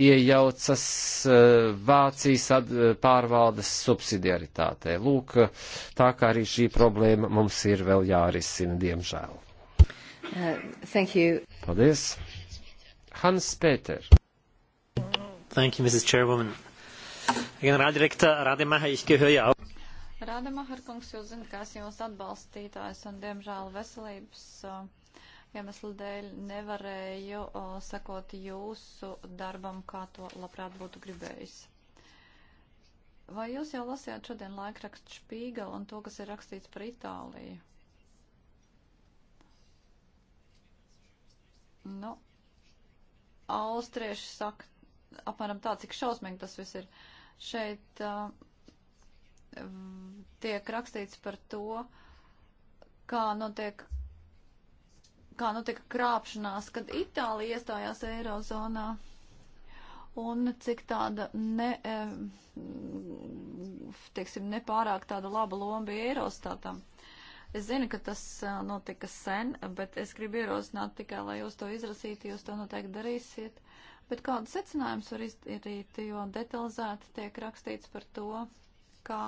D: iejaucas eh, Vācijas eh, pārvaldes subsidiaritātē. Lūk, tā kā arī šī problēma mums ir vēl jārisina, diemžēl.
A: Uh, thank you.
D: Paldies. Hans Pēter. Thank you, Mrs. Chairwoman. Generāldirektor Rademacher, ich gehöre ja auch.
A: Rademacher kungs, jūs zināt, ka esmu jūs atbalstītājs un, diemžēl, veselības. Uh, iemeslu dēļ nevarēju o, sakot jūsu darbam, kā to labprāt būtu gribējis. Vai jūs jau lasījāt šodien laikrakstu Špīgelu un to, kas ir rakstīts par Itāliju? Nu, austrieši saka apmēram tā, cik šausmīgi tas viss ir. Šeit uh, tiek rakstīts par to, kā notiek kā notika nu, krāpšanās, kad Itālija iestājās Eirozonā un cik tāda ne, teiksim, nepārāk tāda laba loma bija Eirostatam. Es zinu, ka tas notika sen, bet es gribu ierosināt tikai, lai jūs to izrasītu, jūs to noteikti darīsiet. Bet kādu secinājumus var izdarīt, jo detalizēti tiek rakstīts par to, kā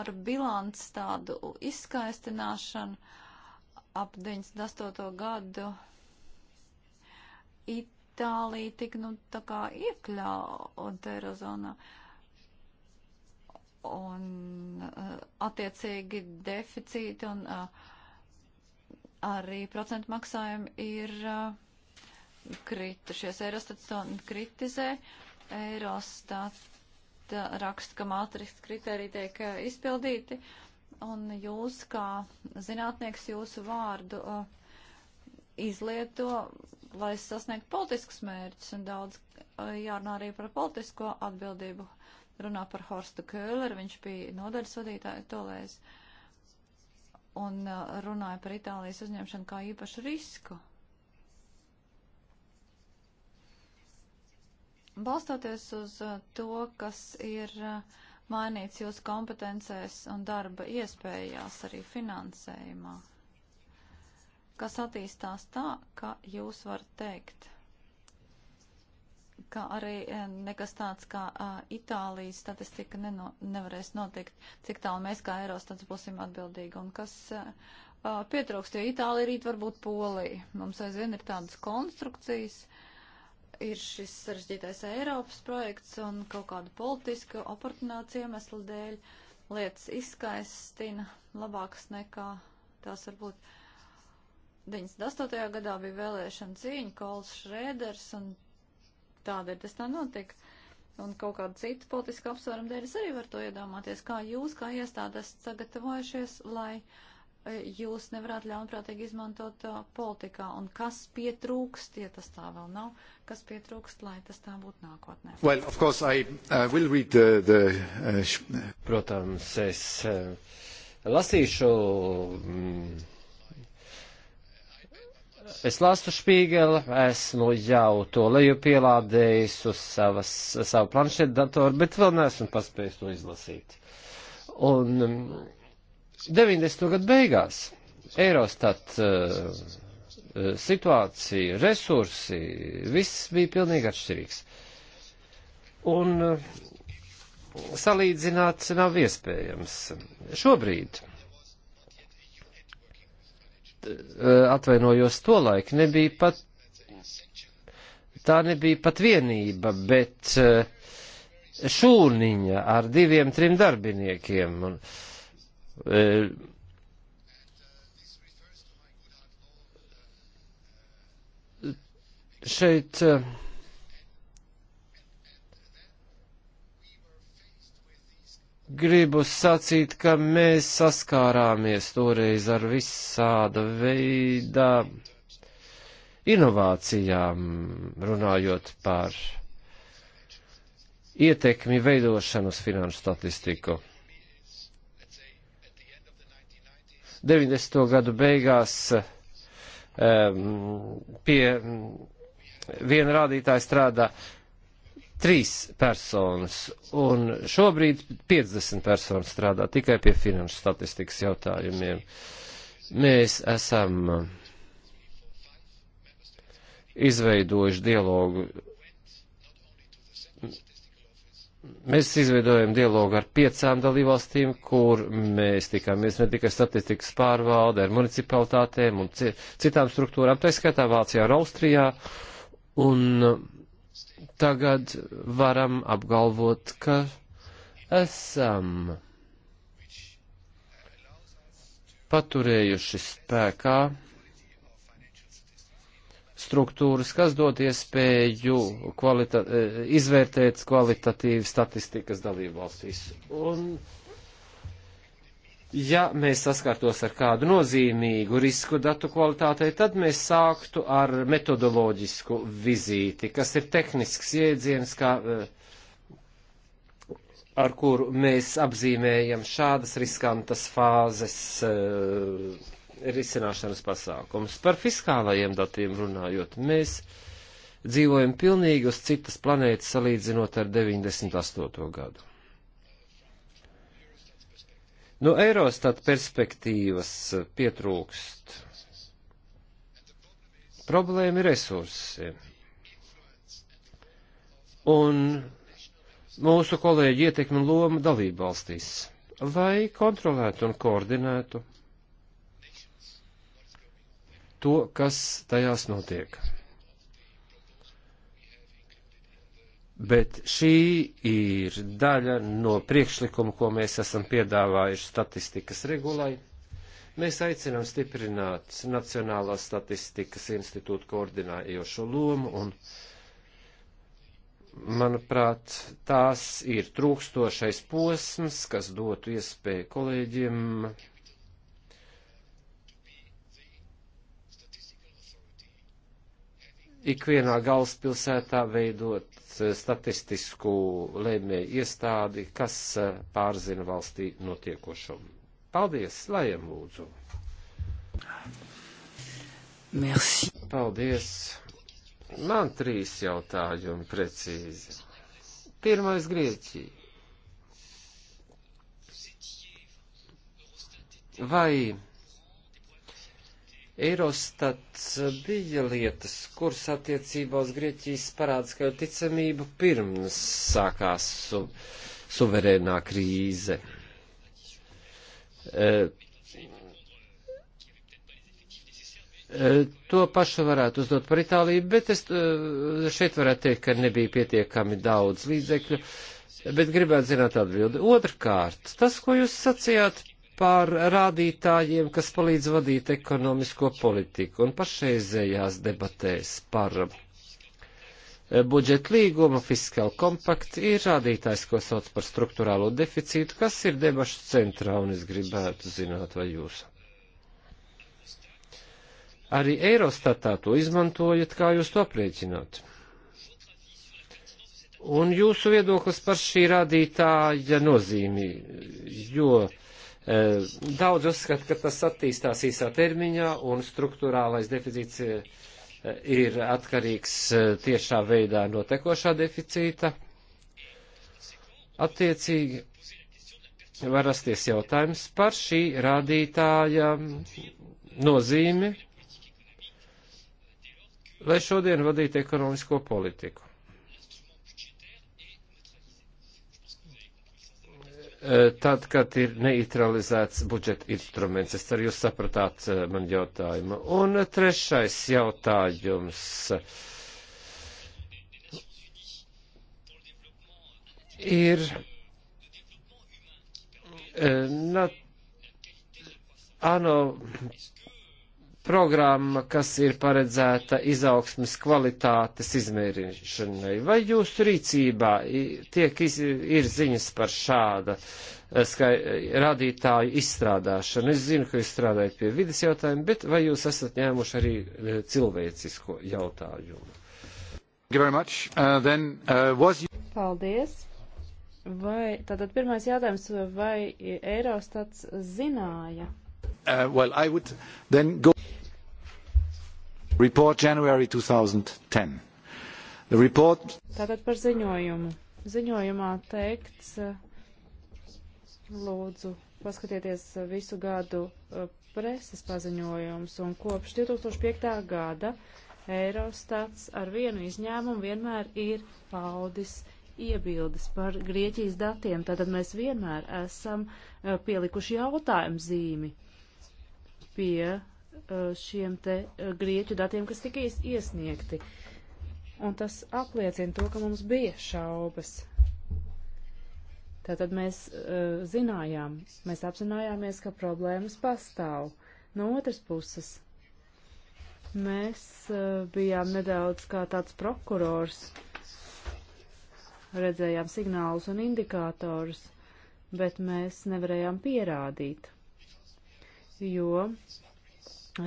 A: ar bilants tādu izskaistināšanu ap 98. gadu Itālija tik, nu, tā kā iekļauta Eirozonā. Un uh, attiecīgi deficīti un uh, arī procentu maksājumi ir uh, kritušies. Eirostats to kritizē. Eirostat uh, raksta, ka mātrīs kriteriji tiek uh, izpildīti. Uh, un jūs kā zinātnieks jūsu vārdu uh, izlieto, lai sasniegtu politiskus mērķus, un daudz uh, jārunā arī par politisko atbildību. Runā par Horstu Köhleru, viņš bija nodaļas vadītājs tolēs, un uh, runāja par Itālijas uzņemšanu kā īpašu risku. Balstoties uz uh, to, kas ir uh, mainīts jūsu kompetencēs un darba iespējās arī finansējumā, kas attīstās tā, ka jūs varat teikt, ka arī eh, nekas tāds kā uh, Itālijas statistika neno, nevarēs notikt, cik tālu mēs kā Eirostats būsim atbildīgi un kas uh, pietrūkst, jo Itālija rīt varbūt Polija. Mums aizvien ir tādas konstrukcijas. Uh, ir šis sarežģītais Eiropas projekts un kaut kādu politisku oportunāciju iemeslu dēļ lietas izskaistina labākas nekā tās varbūt. 98. gadā bija vēlēšana cīņa, Kols Šrēders un tādēļ tas tā notika. Un kaut kāda cita politiska apsvēruma dēļ es arī varu to iedomāties, kā jūs, kā iestādes sagatavojušies, lai uh, E, jūs nevarat ļaunprātīgi izmantot e, politikā. Un kas pietrūkst, ja tas tā vēl nav, kas pietrūkst, lai tas tā būtu nākotnē? Well, of
C: course, I uh, will read the... the uh, Protams, es uh, lasīšu...
D: Mm, Es lāstu špīgeli, esmu jau to leju pielādējis uz savas, savu planšetu datoru, bet vēl neesmu paspējis to izlasīt. Un mm, 90. gadu beigās Eirostat eh, eh, situācija, resursi, viss bija pilnīgi atšķirīgs. Un eh, salīdzināt nav iespējams. Šobrīd atvainojos to laiku, nebija pat, tā nebija pat vienība, bet šūniņa ar diviem, trim darbiniekiem. Un, uh, E, šeit e, gribu sacīt, ka mēs saskārāmies toreiz ar visāda veida inovācijām, runājot par ietekmi veidošanu uz finanšu statistiku. 90. gadu beigās um, pie viena rādītāja strādā trīs personas, un šobrīd 50 personas strādā tikai pie finanšu statistikas jautājumiem. Mēs esam izveidojuši dialogu Mēs izveidojam dialogu ar piecām dalībvalstīm, kur mēs tikāmies ne tikai statistikas pārvalde, ar municipalitātēm un citām struktūrām, tā skaitā Vācijā ar Austrijā, un uh, tagad varam apgalvot, ka esam paturējuši spēkā struktūras, kas dod iespēju kvalita e, izvērtēt kvalitatīvu statistikas dalībvalstīs. Un ja mēs saskārtos ar kādu nozīmīgu risku datu kvalitātei, tad mēs sāktu ar metodoloģisku vizīti, kas ir tehnisks jēdziens, kā, e, ar kuru mēs apzīmējam šādas riskantas fāzes e, risināšanas pasākumus. Par fiskālajiem datiem runājot, mēs dzīvojam pilnīgi uz citas planētas salīdzinot ar 98. gadu. No Eurostat perspektīvas pietrūkst. Problēma ir resursi. Un mūsu kolēģi ietekmi loma dalību valstīs, lai kontrolētu un koordinētu to, kas tajās notiek. Bet šī ir daļa no priekšlikuma, ko mēs esam piedāvājuši statistikas regulai. Mēs aicinām stiprināt Nacionālās statistikas institūtu koordinējošo lomu un, manuprāt, tās ir trūkstošais posms, kas dotu iespēju kolēģiem ikvienā galvaspilsētā veidot eh, statistisku lēmēju iestādi, kas eh, pārzina valstī notiekošumu. Paldies, lajam lūdzu! Merci. Paldies! Man trīs jautājumi precīzi. Pirmais Grieķija. Vai Eirostats bija lietas, kuras attiecībā uz Grieķijas parādskaļu ticamību pirms sākās su, suverēnā krīze. E, e, to pašu varētu uzdot par Itāliju, bet es e, šeit varētu teikt, ka nebija pietiekami daudz līdzekļu, bet gribētu zināt atbildi. Otrkārt, tas, ko jūs sacījāt par rādītājiem, kas palīdz vadīt ekonomisko politiku un pašreizējās debatēs par eh, budžeta līguma fiskāla kompakta ir rādītājs, ko sauc par struktūrālo deficītu, kas ir debašu centrā, un es gribētu zināt, vai jūs. Arī Eirostatā to izmantojat, kā jūs to aprēķināt. Un jūsu viedoklis par šī rādītāja nozīmi, jo uh, E, daudz uzskata, ka tas attīstās īsā termiņā un struktūrālais deficīts e, ir atkarīgs e, tiešā veidā no tekošā deficīta. Attiecīgi var rasties jautājums par šī rādītāja nozīmi, lai šodien vadītu ekonomisko politiku. Eh, tad, kad ir neutralizēts budžeta instruments. Es ceru, jūs sapratāt eh, man jautājumu. Un trešais jautājums. Ir eh, na, ano programma, kas ir paredzēta izaugsmes kvalitātes izmērīšanai. Vai jūsu rīcībā tiek iz, ir ziņas par šāda eh, skai, radītāju izstrādāšanu? Es zinu, ka jūs strādājat pie vidas jautājumu, bet vai jūs esat ņēmuši arī eh, cilvēcisko jautājumu?
C: Uh, then, uh, was...
B: Paldies! Vai, tātad pirmais jautājums, vai Eirostats zināja
C: Uh, well, go... Report January 2010. The report...
B: Tātad par ziņojumu. Ziņojumā teikts, lūdzu, paskatieties visu gadu uh, preses paziņojums, un kopš 2005. gada Eirostats ar vienu izņēmumu vienmēr ir paudis iebildes par Grieķijas datiem, tātad mēs vienmēr esam uh, pielikuši jautājumu zīmi pie Uh, šiem te uh, grieķu datiem, kas tika iesniegti. Un tas apliecina to, ka mums bija šaubas. Tātad mēs uh, zinājām, mēs apzinājāmies, ka problēmas pastāv. No otras puses, mēs uh, bijām nedaudz kā tāds prokurors, redzējām signālus un indikātorus, bet mēs nevarējām pierādīt, jo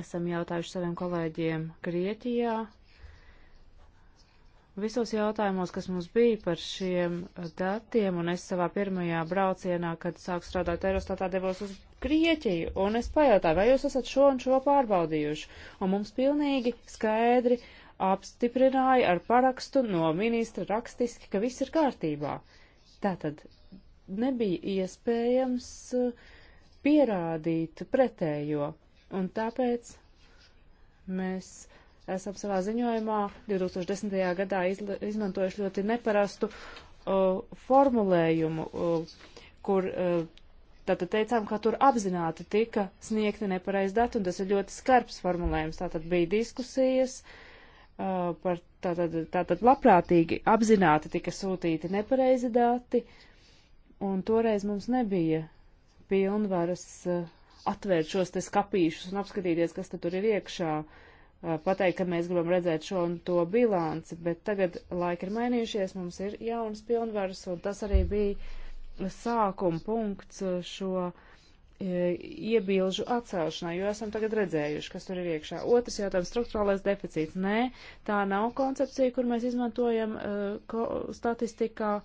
B: Esam jautājuši saviem kolēģiem Grieķijā. Visos jautājumos, kas mums bija par šiem datiem, un es savā pirmajā braucienā, kad sāku strādāt Eurostatā, devos uz Grieķiju, un es pajautāju, vai jūs esat šo un šo pārbaudījuši. Un mums pilnīgi skaidri apstiprināja ar parakstu no ministra rakstiski, ka viss ir kārtībā. Tātad nebija iespējams uh, pierādīt pretējo. Un tāpēc mēs esam savā ziņojumā 2010. gadā izla, izmantojuši ļoti neparastu uh, formulējumu, uh, kur uh, tātad teicām, ka tur apzināti tika sniegti nepareizi dati, un tas ir ļoti skarbs formulējums. Tātad bija diskusijas uh, par tātad, tātad labprātīgi apzināti tika sūtīti nepareizi dati, un toreiz mums nebija pilnvaras. Uh, atvērt šos te skapīšus un apskatīties, kas tad tur ir iekšā, pateikt, ka mēs gribam redzēt šo un to bilanci, bet tagad laika ir mainījušies, mums ir jaunas pilnvaras, un tas arī bija sākuma punkts šo iebilžu atcelšanai, jo esam tagad redzējuši, kas tur ir iekšā. Otrs jautājums - struktūrālais deficīts. Nē, tā nav koncepcija, kur mēs izmantojam uh, statistikā.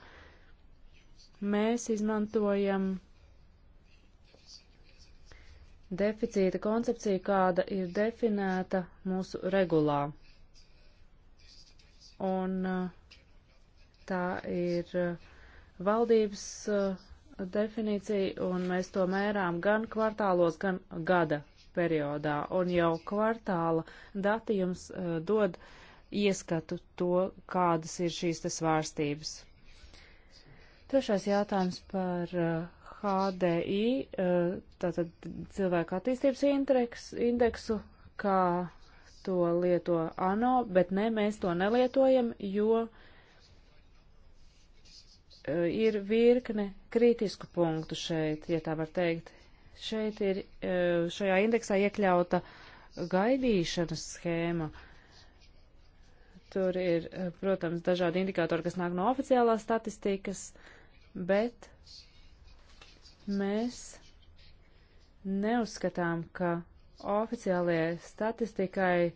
B: Mēs izmantojam deficīta koncepcija, kāda ir definēta mūsu regulā. Un uh, tā ir uh, valdības uh, definīcija, un mēs to mērām gan kvartālos, gan gada periodā. Un jau kvartāla dati jums dod ieskatu to, kādas ir šīs te svārstības. Trešais jautājums par uh, HDI, eh, tātad cilvēku attīstības indeks, indeksu, kā to lieto ANO, bet ne, mēs to nelietojam, jo eh, ir virkne kritisku punktu šeit, ja tā var teikt. Šeit ir eh, šajā indeksā iekļauta gaidīšanas schēma. Tur ir, protams, dažādi indikātori, kas nāk no oficiālās statistikas, bet Mēs neuzskatām, ka oficiālajai statistikai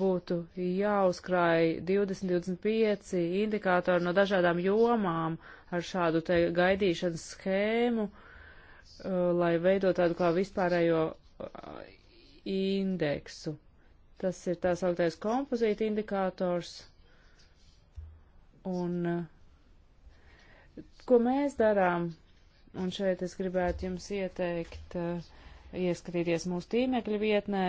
B: būtu jāuzkrāj 20-25 indikātori no dažādām jomām ar šādu te gaidīšanas schēmu, uh, lai veidot tādu kā vispārējo uh, indeksu. Tas ir tā sauktais kompozīta indikators. Un uh, ko mēs darām? Un šeit es gribētu jums ieteikt uh, ieskatīties mūsu tīmekļa vietnē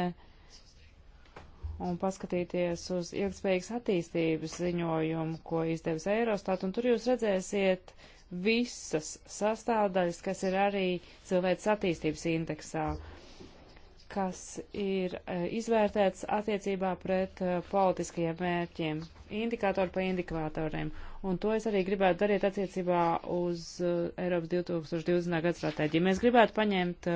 B: un paskatīties uz ilgspējīgas attīstības ziņojumu, ko izdevis Eirostat, un tur jūs redzēsiet visas sastāvdaļas, kas ir arī cilvēks attīstības indeksā kas ir e, izvērtēts attiecībā pret e, politiskajiem mērķiem, indikātori pa indikātoriem. Un to es arī gribētu darīt attiecībā uz e, Eiropas 2020. gada stratēģiju. Mēs gribētu paņemt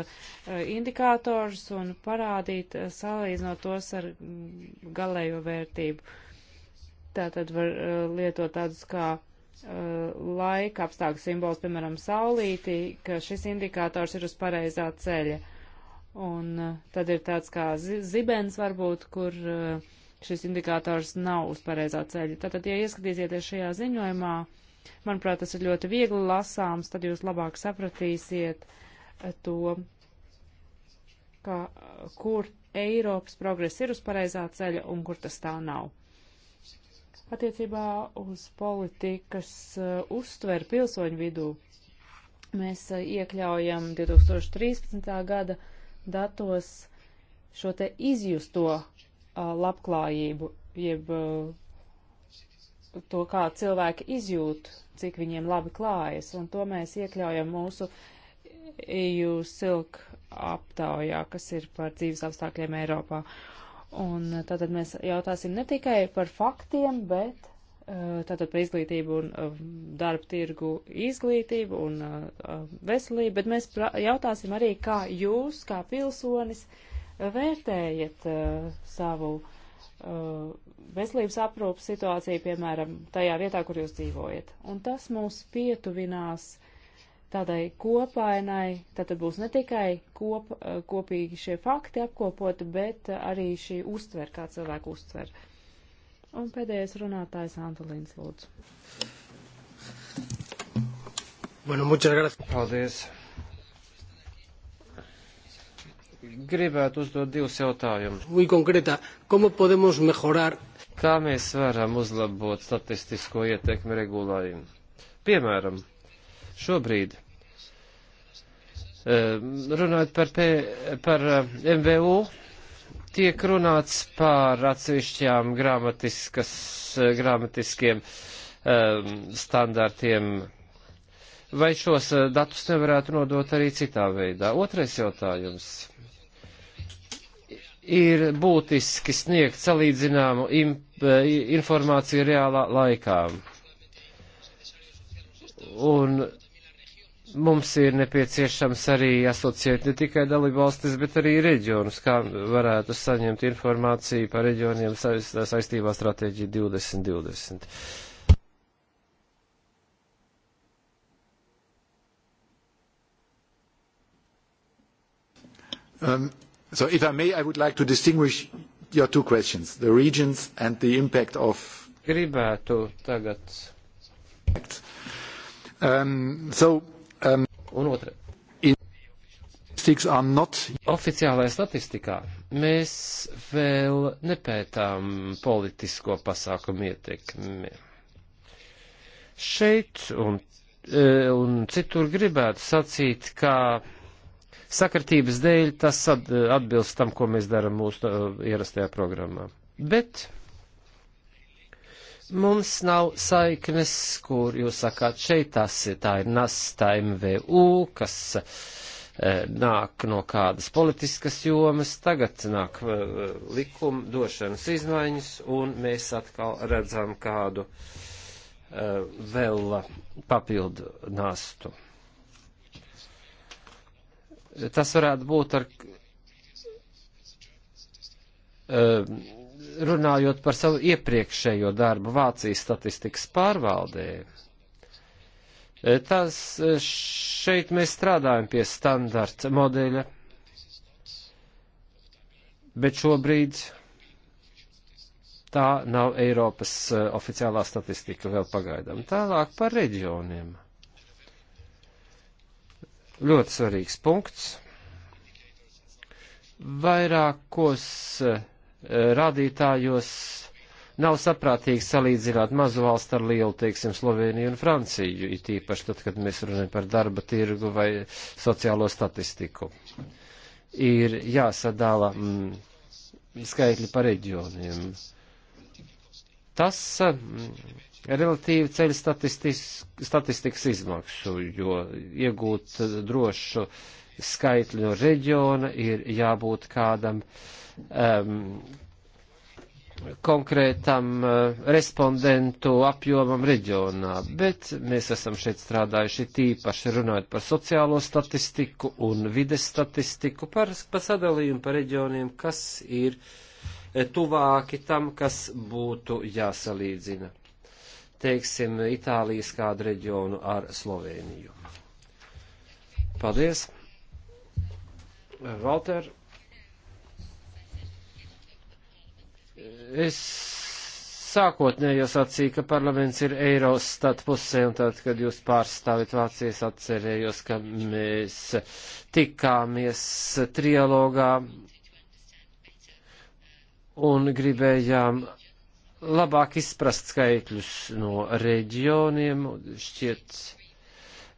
B: indikātors un parādīt, salīdzinot tos ar mm, galējo vērtību. Tā tad var lietot tādus kā laika apstākļu simbols, piemēram, saulīti, ka šis indikātors ir uz pareizā ceļa Un eh, tad ir tāds kā zibens varbūt, kur eh, šis indikators nav uz pareizā ceļa. Tātad, ja ieskatīsieties šajā ziņojumā, manuprāt, tas ir ļoti viegli lasāms, tad jūs labāk sapratīsiet eh, to, kā, kur Eiropas progress ir uz pareizā ceļa un kur tas tā nav. Attiecībā uz politikas uh, uztveru pilsoņu vidū mēs uh, iekļaujam 2013. gada uh, datos šo te izjusto uh, labklājību, jeb uh, to, kā cilvēki izjūt, cik viņiem labi klājas, un to mēs iekļaujam mūsu EU silk aptaujā, kas ir par dzīves apstākļiem Eiropā. Un tātad mēs jautāsim ne tikai par faktiem, bet Eh, tātad par izglītību un eh, darba tirgu izglītību un eh, veselību, bet mēs jautāsim arī, kā jūs, kā pilsonis, vērtējat savu veselības aprūpas situāciju, piemēram, tajā vietā, kur jūs dzīvojat. Un tas mūs pietuvinās tādai kopainai, tātad būs ne tikai kop, kopīgi šie fakti apkopoti, bet arī šī uztver, kā cilvēku uztver. Uh, Un pēdējais runātājs Antolīns Lūdzu. Bueno,
D: muchas gracias. Paldies. Gribētu uzdot divus jautājumus. Muy concreta, ¿cómo podemos mejorar? Kā mēs varam uzlabot statistisko ietekmi regulējumu? Piemēram, šobrīd eh, runājot par, P, par eh, MVU tiek runāts par atsevišķām gramatiskiem um, standartiem. Vai šos eh, datus nevarētu nodot arī citā veidā? Otrais jautājums ir būtiski sniegt salīdzināmu eh, informāciju reālā laikā. Un mums ir nepieciešams arī asociēt ne tikai dalībvalstis, bet arī reģionus, kā varētu saņemt informāciju par reģioniem saistībā stratēģija 2020.
C: Um, so if I may, I would like to distinguish your two questions, the regions and the impact of... Gribētu tagad. Um, so Um, Un otra. Not... Oficiālajā
D: statistikā mēs vēl nepētām politisko pasākumu ietekmi. Šeit un, e, un citur gribētu sacīt, ka sakritības dēļ tas atbilst tam, ko mēs darām mūsu uh, ierastajā programmā. Bet Mums nav saiknes, kur jūs sakāt, šeit tas ir, tā ir nasta MVU, kas e, nāk no kādas politiskas jomas, tagad nāk e, eh, likuma došanas izmaiņas, un mēs atkal redzam kādu e, vēl papildu nastu. Tas varētu būt ar. E, runājot par savu iepriekšējo darbu Vācijas statistikas pārvaldē, e, tas e, šeit mēs strādājam pie standarta modeļa, bet šobrīd tā nav Eiropas e, oficiālā statistika vēl pagaidām. Tālāk par reģioniem. Ļoti svarīgs punkts. Vairākos uh, rādītājos nav saprātīgi salīdzināt mazu valstu ar lielu, teiksim, Sloveniju un Franciju, it īpaši tad, kad mēs runājam par darba tirgu vai sociālo statistiku. Ir jāsadala mm, skaitļi par reģioniem. Tas mm, relatīvi ceļ statistikas izmaksu, jo iegūt drošu skaitļu no reģiona ir jābūt kādam uh, um, konkrētam uh, respondentu apjomam reģionā, bet mēs esam šeit strādājuši tīpaši runājot par sociālo statistiku un vides statistiku, par, par sadalījumu par reģioniem, kas ir eh, tuvāki tam, kas būtu jāsalīdzina. Teiksim, Itālijas kādu reģionu ar Sloveniju. Paldies! Valter! es sākotnēji sacīju, ka parlaments ir Eirostat pusē, un tad, kad jūs pārstāvit Vācijas, atcerējos, ka mēs tikāmies trialogā un gribējām labāk izprast skaitļus no reģioniem, šķiet,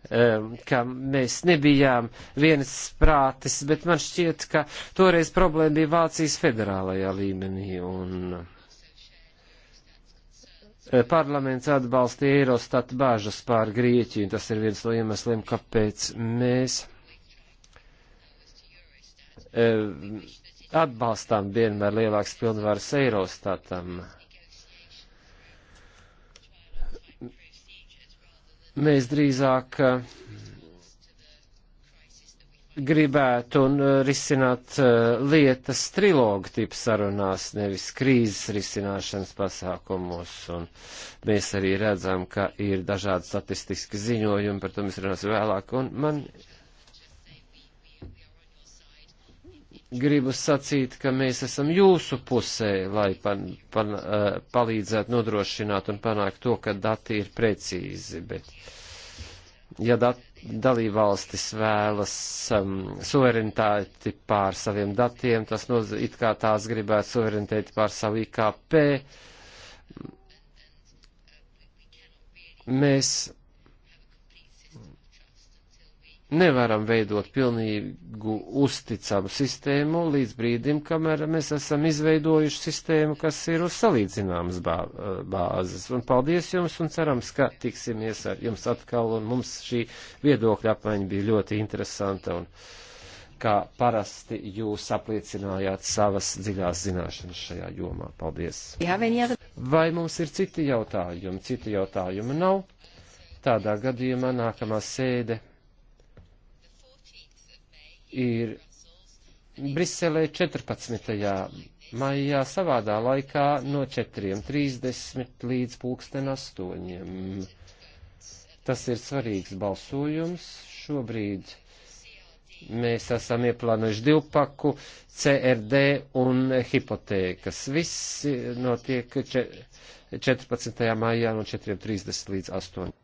D: Um, ka mēs nebijām vienas prātes, bet man šķiet, ka toreiz problēma bija Vācijas federālajā līmenī un uh, parlaments atbalstīja Eirostat bāžas pār Grieķiju, un tas ir viens no iemesliem, kāpēc mēs um, atbalstām vienmēr lielāks pilnvaras Eirostatam. Mēs drīzāk uh, gribētu un uh, risināt uh, lietas trilogu tipu sarunās, nevis krīzes risināšanas pasākumos. Un mēs arī redzam, ka ir dažādi statistiski ziņojumi, par to mēs runāsim vēlāk. Un man gribu sacīt, ka mēs esam jūsu pusē, lai pan, pan, eh, palīdzētu nodrošināt un panākt to, ka dati ir precīzi, bet ja dat, dalībvalstis vēlas um, suverenitāti pār saviem datiem, tas noz, it kā tās gribētu suverenitāti pār savu IKP, mēs nevaram veidot pilnīgu uzticamu sistēmu līdz brīdim, kamēr mēs esam izveidojuši sistēmu, kas ir uz salīdzināmas bā bāzes. Un paldies jums un cerams, ka tiksimies ar jums atkal. Un mums šī viedokļa apmaiņa bija ļoti interesanta. Un kā parasti jūs apliecinājāt savas dziļās zināšanas šajā jomā. Paldies! Vai mums ir citi jautājumi? Citi jautājumi nav. Tādā gadījumā nākamā sēde ir Briselē 14. maijā savādā laikā no 4.30 līdz pulksten 8. Tas ir svarīgs balsojums. Šobrīd mēs esam ieplānojuši divpaku CRD un hipotēkas. Viss notiek 14. maijā no 4.30 līdz 8.